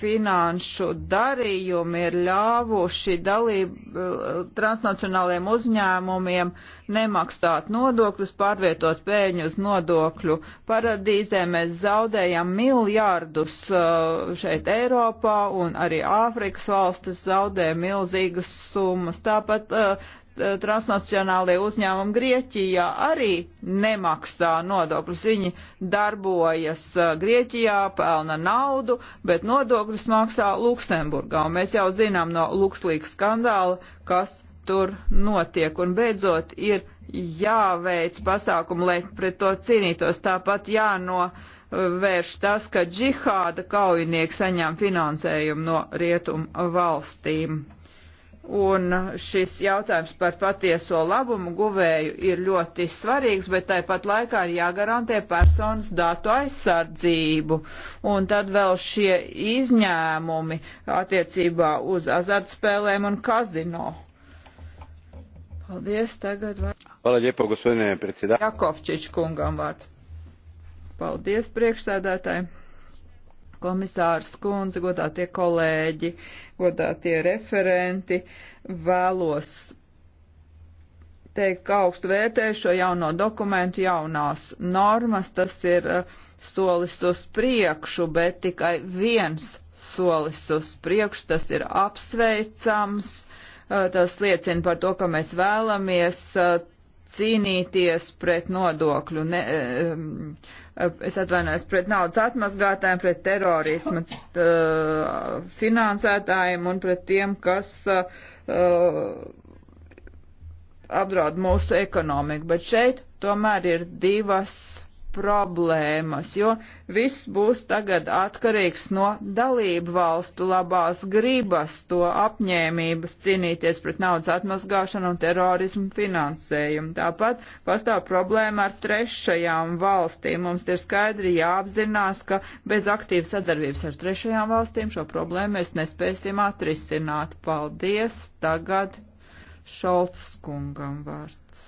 finanšu darījumi ir ļāvuši dalību eh, transnacionāliem uzņēmumiem nemaksāt nodokļus, pārvietot pēļņu uz nodokļu paradīzē. Mēs zaudējam miljārdus eh, šeit Eiropā un arī Āfrikas valstis zaudē milzīgas summas. Tāpat eh, Eh, transnacionālie uzņēmumi Grieķijā arī nemaksā nodokļus. Viņi darbojas eh, Grieķijā, pelna naudu, bet nodokļus maksā Luksemburgā. Un mēs jau zinām no Lukslīgas skandāla, kas tur notiek. Un beidzot ir jāveic pasākumi, lai pret to cīnītos. Tāpat jānovērš tas, ka džihāda kaujinieki saņem finansējumu no rietumu valstīm Un šis jautājums par patieso labumu guvēju ir ļoti svarīgs, bet tāpat laikā ir jāgarantē personas datu aizsardzību. Un tad vēl šie izņēmumi attiecībā uz azartspēlēm un kazino. Paldies, tagad vārds. Hvala lijepo, gospodine predsjedavajući. Jakovčić kungam vārds. Paldies, priekšsēdētāji komisārs kundze, godātie kolēģi, godātie referenti, vēlos teikt, ka augstu vērtēju šo jauno dokumentu, jaunās normas, tas ir eh, solis uz priekšu, bet tikai viens solis uz priekšu, tas ir apsveicams, eh, tas liecina par to, ka mēs vēlamies eh, cīnīties pret nodokļu ne, es atvainojos, pret naudas atmazgātājiem, pret terorismu uh, finansētājiem un pret tiem, kas uh, apdraud mūsu ekonomiku. Bet šeit tomēr ir divas problēmas, jo viss būs tagad atkarīgs no dalību valstu labās gribas, to apņēmības cīnīties pret naudas atmazgāšanu un terorismu finansējumu. Tāpat pastāv problēma ar trešajām valstīm. Mums ir skaidri jāapzinās, ka bez aktīvas sadarbības ar trešajām valstīm šo problēmu mēs nespēsim atrisināt. Paldies! Tagad Šolts kungam vārds.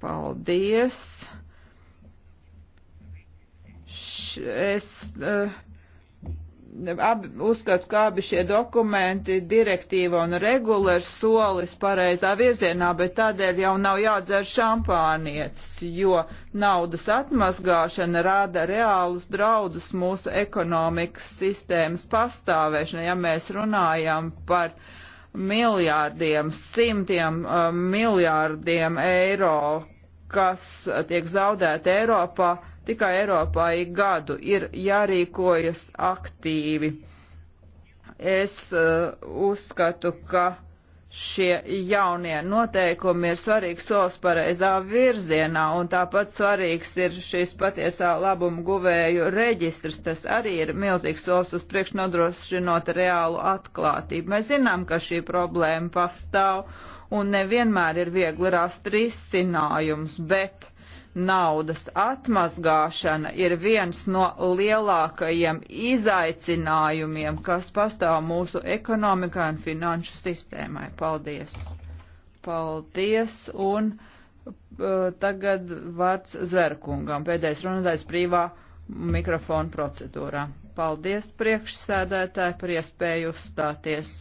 Paldies. Š es uh, abi, uzskatu, ka abi šie dokumenti, direktīva un regulārs solis pareizā virzienā, bet tādēļ jau nav jādzer šampānietis, jo naudas atmazgāšana rada reālus draudus mūsu ekonomikas sistēmas pastāvēšanai, ja mēs runājam par uh, miljārdiem, simtiem uh, miljārdiem eiro, kas tiek zaudēti Eiropā, tikai Eiropā ik gadu ir jārīkojas aktīvi. Es uh, uzskatu, ka šie jaunie noteikumi ir svarīgs solis pareizā virzienā, un tāpat svarīgs ir šīs patiesā labumu guvēju reģistrs. Tas arī ir milzīgs solis uz priekšu nodrošinot reālu atklātību. Mēs zinām, ka šī problēma pastāv, un nevienmēr ir viegli rast risinājums, bet naudas atmazgāšana ir viens no lielākajiem izaicinājumiem, kas pastāv mūsu ekonomikā un finanšu sistēmai. Paldies! Paldies! Un uh, tagad vārds Zverkungam, pēdējais runātājs brīvā mikrofona procedūrā. Paldies priekšsēdētāji par iespēju uzstāties.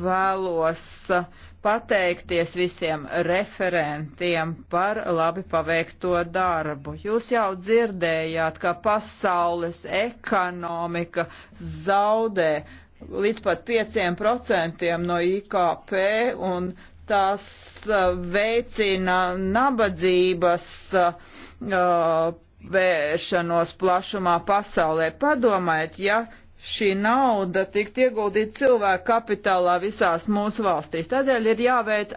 Vēlos uh, pateikties visiem referentiem par labi paveikto darbu. Jūs jau dzirdējāt, ka pasaules ekonomika zaudē līdz pat 5% no IKP un tas uh, veicina nabadzības uh, vēršanos plašumā pasaulē. Padomājiet, ja šī nauda tikt ieguldīta cilvēku kapitālā visās mūsu valstīs. Tādēļ ir jāveic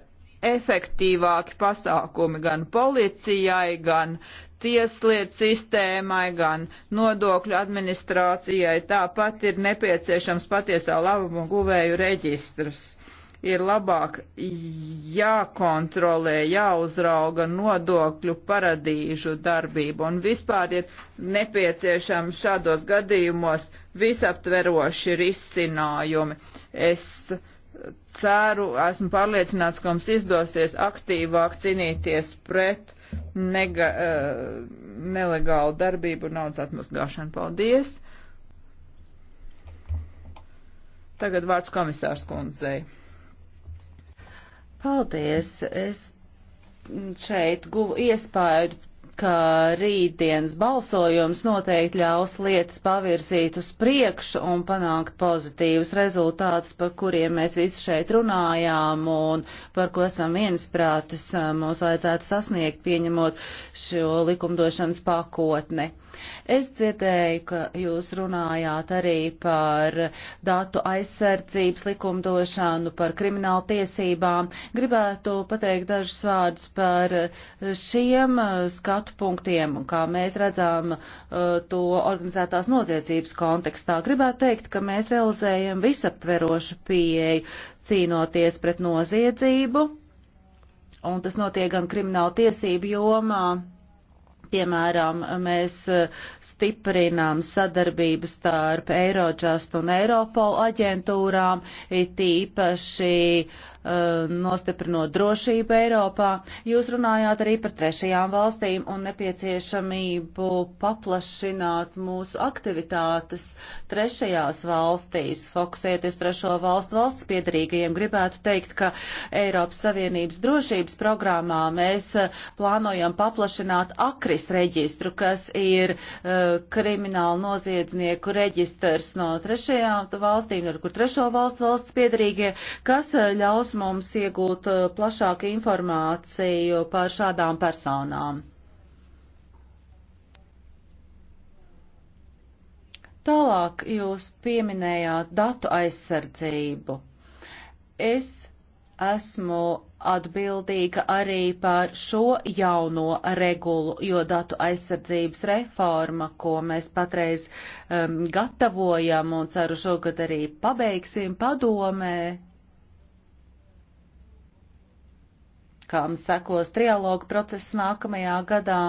efektīvāki pasākumi gan policijai, gan tieslietu sistēmai, gan nodokļu administrācijai. Tāpat ir nepieciešams patiesā labumu guvēju reģistrs ir labāk jākontrolē, jāuzrauga nodokļu paradīžu darbību. Un vispār ir nepieciešams šādos gadījumos visaptveroši risinājumi. Es ceru, esmu pārliecināts, ka mums izdosies aktīvāk cīnīties pret nega, eh, nelegālu darbību un naudas atmazgāšanu. Paldies! Tagad vārds komisārs kundzei. Paldies! Es šeit guvu iespēju, ka rītdienas balsojums noteikti ļaus lietas pavirzīt uz priekšu un panākt pozitīvus rezultātus, par kuriem mēs visi šeit runājām un par ko esam viensprātis mums vajadzētu sasniegt, pieņemot šo likumdošanas pakotni. Es dzirdēju, ka jūs runājāt arī par datu aizsardzības likumdošanu, par kriminālu tiesībām. Gribētu pateikt dažus vārdus par šiem uh, skatu punktiem, kā mēs redzam uh, to organizētās noziedzības kontekstā. Gribētu teikt, ka mēs realizējam visaptverošu pieeju cīnoties pret noziedzību, un tas notiek gan krimināla tiesību jomā, Piemēram, mēs eh, stiprinām sadarbību starp Eirojust un Eiropol aģentūrām, it īpaši uh, Uh, nostiprinot drošību Eiropā. Jūs runājāt arī par trešajām valstīm un nepieciešamību paplašināt mūsu aktivitātes trešajās valstīs, fokusēties trešo valstu valsts piedarīgajiem. Gribētu teikt, ka Eiropas Savienības drošības programmā mēs uh, plānojam paplašināt akris reģistru, kas ir uh, kriminālu noziedznieku reģistrs no trešajām valstīm, ar kur trešo valstu valsts piedarīgie, kas uh, ļaus ļaus mums iegūt uh, plašāku informāciju par šādām personām. Tālāk jūs pieminējāt datu aizsardzību. Es esmu atbildīga arī par šo jauno regulu, jo datu aizsardzības reforma, ko mēs patreiz um, gatavojam un ceru šogad arī pabeigsim padomē, kam sekos trialoga process nākamajā gadā.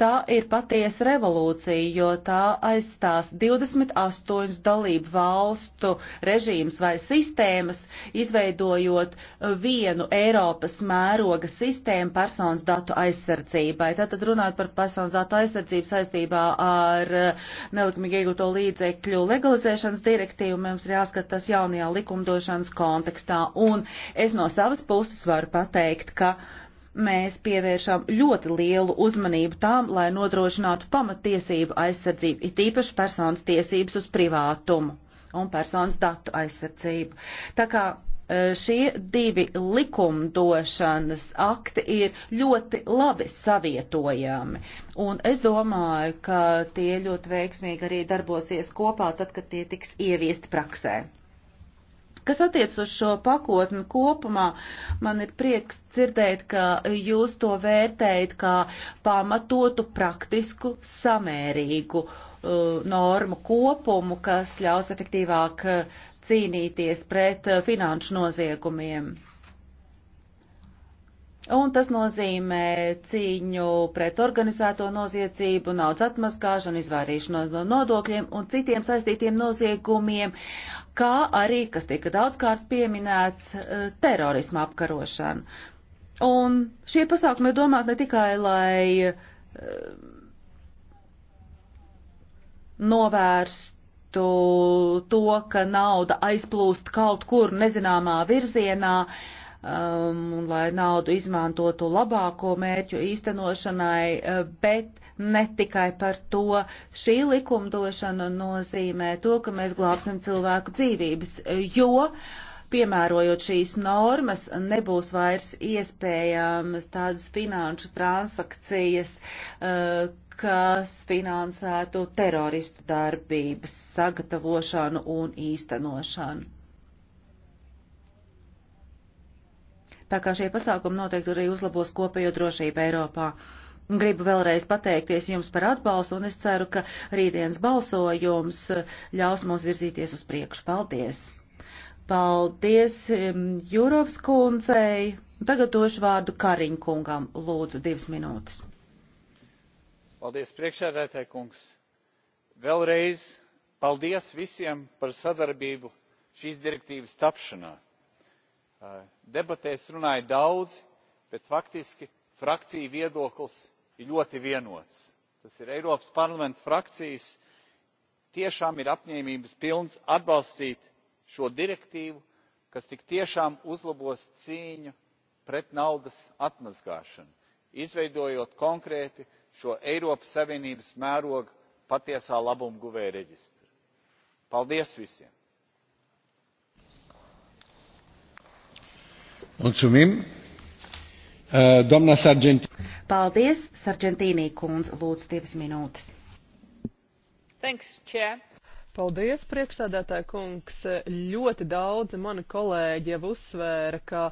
Tā ir patiesa revolūcija, jo tā aizstās 28 dalību valstu režīmus vai sistēmas, izveidojot vienu Eiropas mēroga sistēmu personas datu aizsardzībai. Tātad runāt par personas datu aizsardzību saistībā ar eh, nelikumīgi iegūto līdzekļu legalizēšanas direktīvu, mums ir jāskatās jaunajā likumdošanas kontekstā. Un es no savas puses varu pateikt, ka. Uh, mēs pievēršam ļoti lielu uzmanību tām, lai nodrošinātu pamatiesību aizsardzību, it īpaši personas tiesības uz privātumu un personas datu aizsardzību. Tā kā e, šie divi likumdošanas akti ir ļoti labi savietojami. Un es domāju, ka tie ļoti veiksmīgi arī darbosies kopā tad, kad tie tiks ieviesti praksē. Kas attiec uz šo pakotni kopumā, man ir prieks dzirdēt, ka jūs to vērtējat kā pamatotu, praktisku, samērīgu uh, normu kopumu, kas ļaus efektīvāk uh, cīnīties pret uh, finanšu noziegumiem. Un tas nozīmē cīņu pret organizēto noziedzību, naudas atmaskāšanu, izvairīšanos no nodokļiem un citiem saistītiem noziegumiem, kā arī, kas tika daudzkārt pieminēts, eh, terorismu apkarošanu. Un šie pasākumi ir domāti ne tikai, lai eh, novērstu to, ka nauda aizplūst kaut kur nezināmā virzienā, uh, um, un lai naudu izmantotu labāko mērķu īstenošanai, uh, bet ne tikai par to. Šī likumdošana nozīmē to, ka mēs glābsim cilvēku dzīvības, jo piemērojot šīs normas, nebūs vairs iespējams tādas finanšu transakcijas, uh, kas finansētu teroristu darbības sagatavošanu un īstenošanu. tā kā šie pasākumi noteikti arī uzlabos kopējo drošību Eiropā. Gribu vēlreiz pateikties jums par atbalstu, un es ceru, ka rītdienas balsojums ļaus mums virzīties uz priekšu. Paldies! Paldies Jurovs kundzei! Tagad došu vārdu Kariņkungam. Lūdzu, divas minūtes. Paldies, priekšsēdētāj kungs! Vēlreiz paldies visiem par sadarbību šīs direktīvas tapšanā Eh, debatēs runāja daudzi bet faktiski frakciju viedoklis ir ļoti vienots. tas ir eiropas parlamenta frakcijas tiešām ir apņēmības pilnas atbalstīt šo direktīvu kas tik tiešām uzlabos cīņu pret naudas atmazgāšanu izveidojot konkrēti šo eiropas savienības mēroga patiesā labuma guvēja reģistru. paldies visiem! Mulțumim! Eh, Domnā Sargentīna. Paldies, Sargentīnī kundze, lūdzu divas minūtes. Thanks, Chair. Paldies, priekšsēdētāja kungs. Ļoti daudzi mani kolēģi jau uzsvēra, ka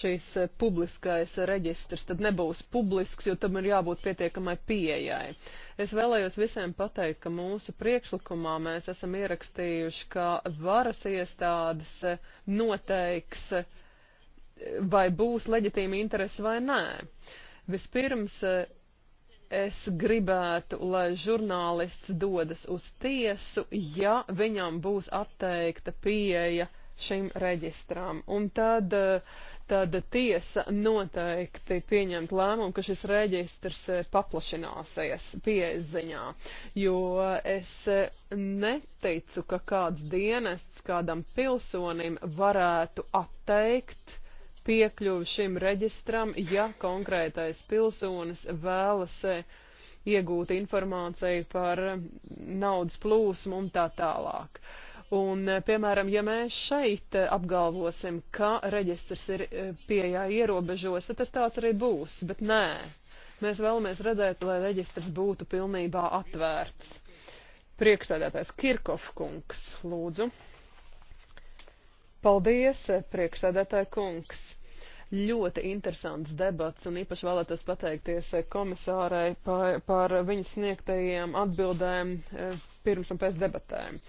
šis publiskais reģistrs tad nebūs publisks, jo tam ir jābūt pietiekamai pieejai. Es vēlējos visiem pateikt, ka mūsu priekšlikumā mēs esam ierakstījuši, ka varas iestādes noteiks vai būs leģitīma interese vai nē. Vispirms eh, es gribētu, lai žurnālists dodas uz tiesu, ja viņam būs atteikta pieeja šim reģistram. Un tad, eh, tad tiesa noteikti pieņemt lēmumu, ka šis reģistrs eh, paplašināsies pieeziņā, jo es neticu, ka kāds dienests kādam pilsonim varētu atteikt piekļuvi šim reģistram, ja konkrētais pilsonis vēlas eh, iegūt informāciju par eh, naudas plūsmu un tā tālāk. Un, eh, piemēram, ja mēs šeit apgalvosim, ka reģistrs ir pieejā ierobežos, tad tas tāds arī būs, bet nē. Mēs vēlamies redzēt, lai reģistrs būtu pilnībā atvērts. Priekšsēdētājs Kirkov kungs, lūdzu. Paldies, priekšsēdētāji kungs! Ļoti interesants debats, un īpaši vēlētos pateikties eh, komisārai par, par viņas sniegtajiem atbildēm eh, pirms un pēc debatēm.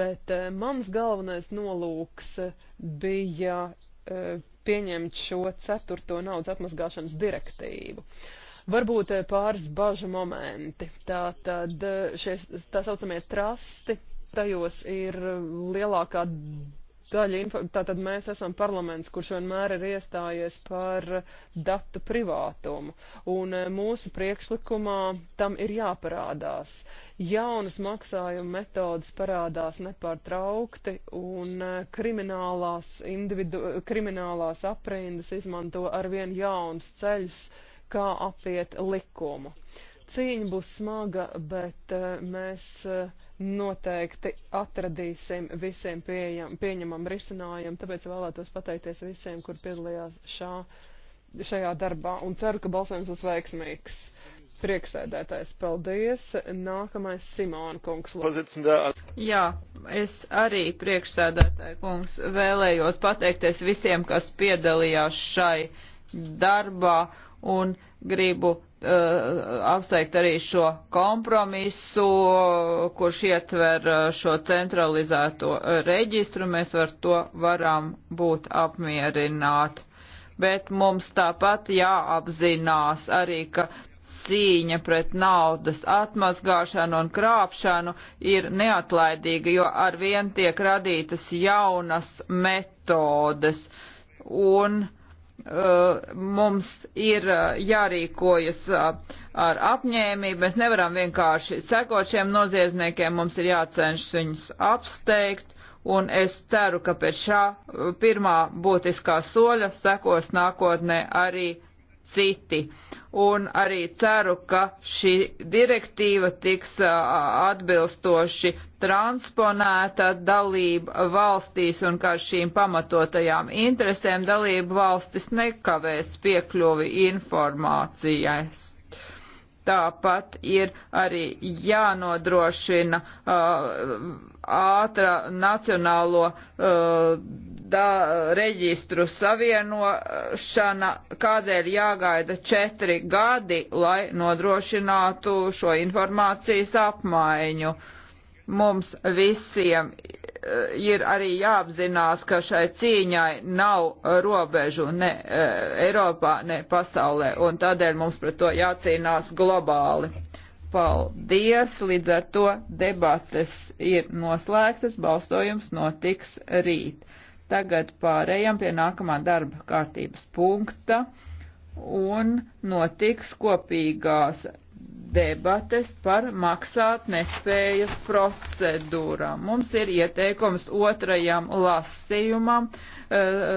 Bet eh, mans galvenais nolūks bija pieņemt šo ceturto naudas atmazgāšanas direktīvu. Varbūt pāris bažu momenti. Tātad šie tā saucamie trasti, tajos ir lielākā Daļa, tātad mēs esam parlaments, kurš vienmēr ir iestājies par datu privātumu, un e, mūsu priekšlikumā tam ir jāparādās. Jaunas maksājuma metodas parādās nepārtraukti, un e, kriminālās, individu, kriminālās aprindas izmanto arvien jaunus ceļus, kā apiet likumu. Uh, cīņa būs smaga, bet eh, mēs eh, noteikti atradīsim visiem pieejam, pieņemam risinājumu, tāpēc vēlētos pateikties visiem, kur piedalījās šā, šajā darbā un ceru, ka balsojums būs veiksmīgs. Prieksēdētājs, paldies. Nākamais Simona kungs. Jā, es arī priekšsēdētāju kungs vēlējos pateikties visiem, kas piedalījās šai darbā un gribu uh, apsveikt arī šo kompromisu, kurš ietver eh, šo centralizēto eh, reģistru. Mēs ar to varam būt apmierināti. Bet mums tāpat jāapzinās arī, ka cīņa pret naudas atmazgāšanu un krāpšanu ir neatlaidīga, jo arvien tiek radītas jaunas metodes. Un uh, Eh, mums ir eh, jārīkojas eh, ar apņēmību. Mēs nevaram vienkārši sekot šiem noziedzniekiem, mums ir jācenšas viņus apsteigt. Un es ceru, ka pēc šā pirmā būtiskā soļa sekos nākotnē arī citi. Un arī ceru, ka šī direktīva tiks atbilstoši transponēta dalība valstīs un ka šīm pamatotajām interesēm dalība valstis nekavēs piekļuvi informācijas Tāpat ir arī jānodrošina uh, ātra nacionālo uh, da, reģistru savienošana, kādēļ jāgaida četri gadi, lai nodrošinātu šo informācijas apmaiņu. Mums visiem Eh, ir arī jāapzinās, ka šai cīņai nav eh, robežu ne eh, Eiropā, ne pasaulē, un tādēļ mums pret to jācīnās globāli. Paldies! Līdz ar to debates ir noslēgtas, balsojums notiks rīt. Tagad pārējām pie nākamā darba kārtības punkta un notiks kopīgās debates par maksāt nespējas procedūrām. Mums ir ieteikums otrajam lasījumam. Eh,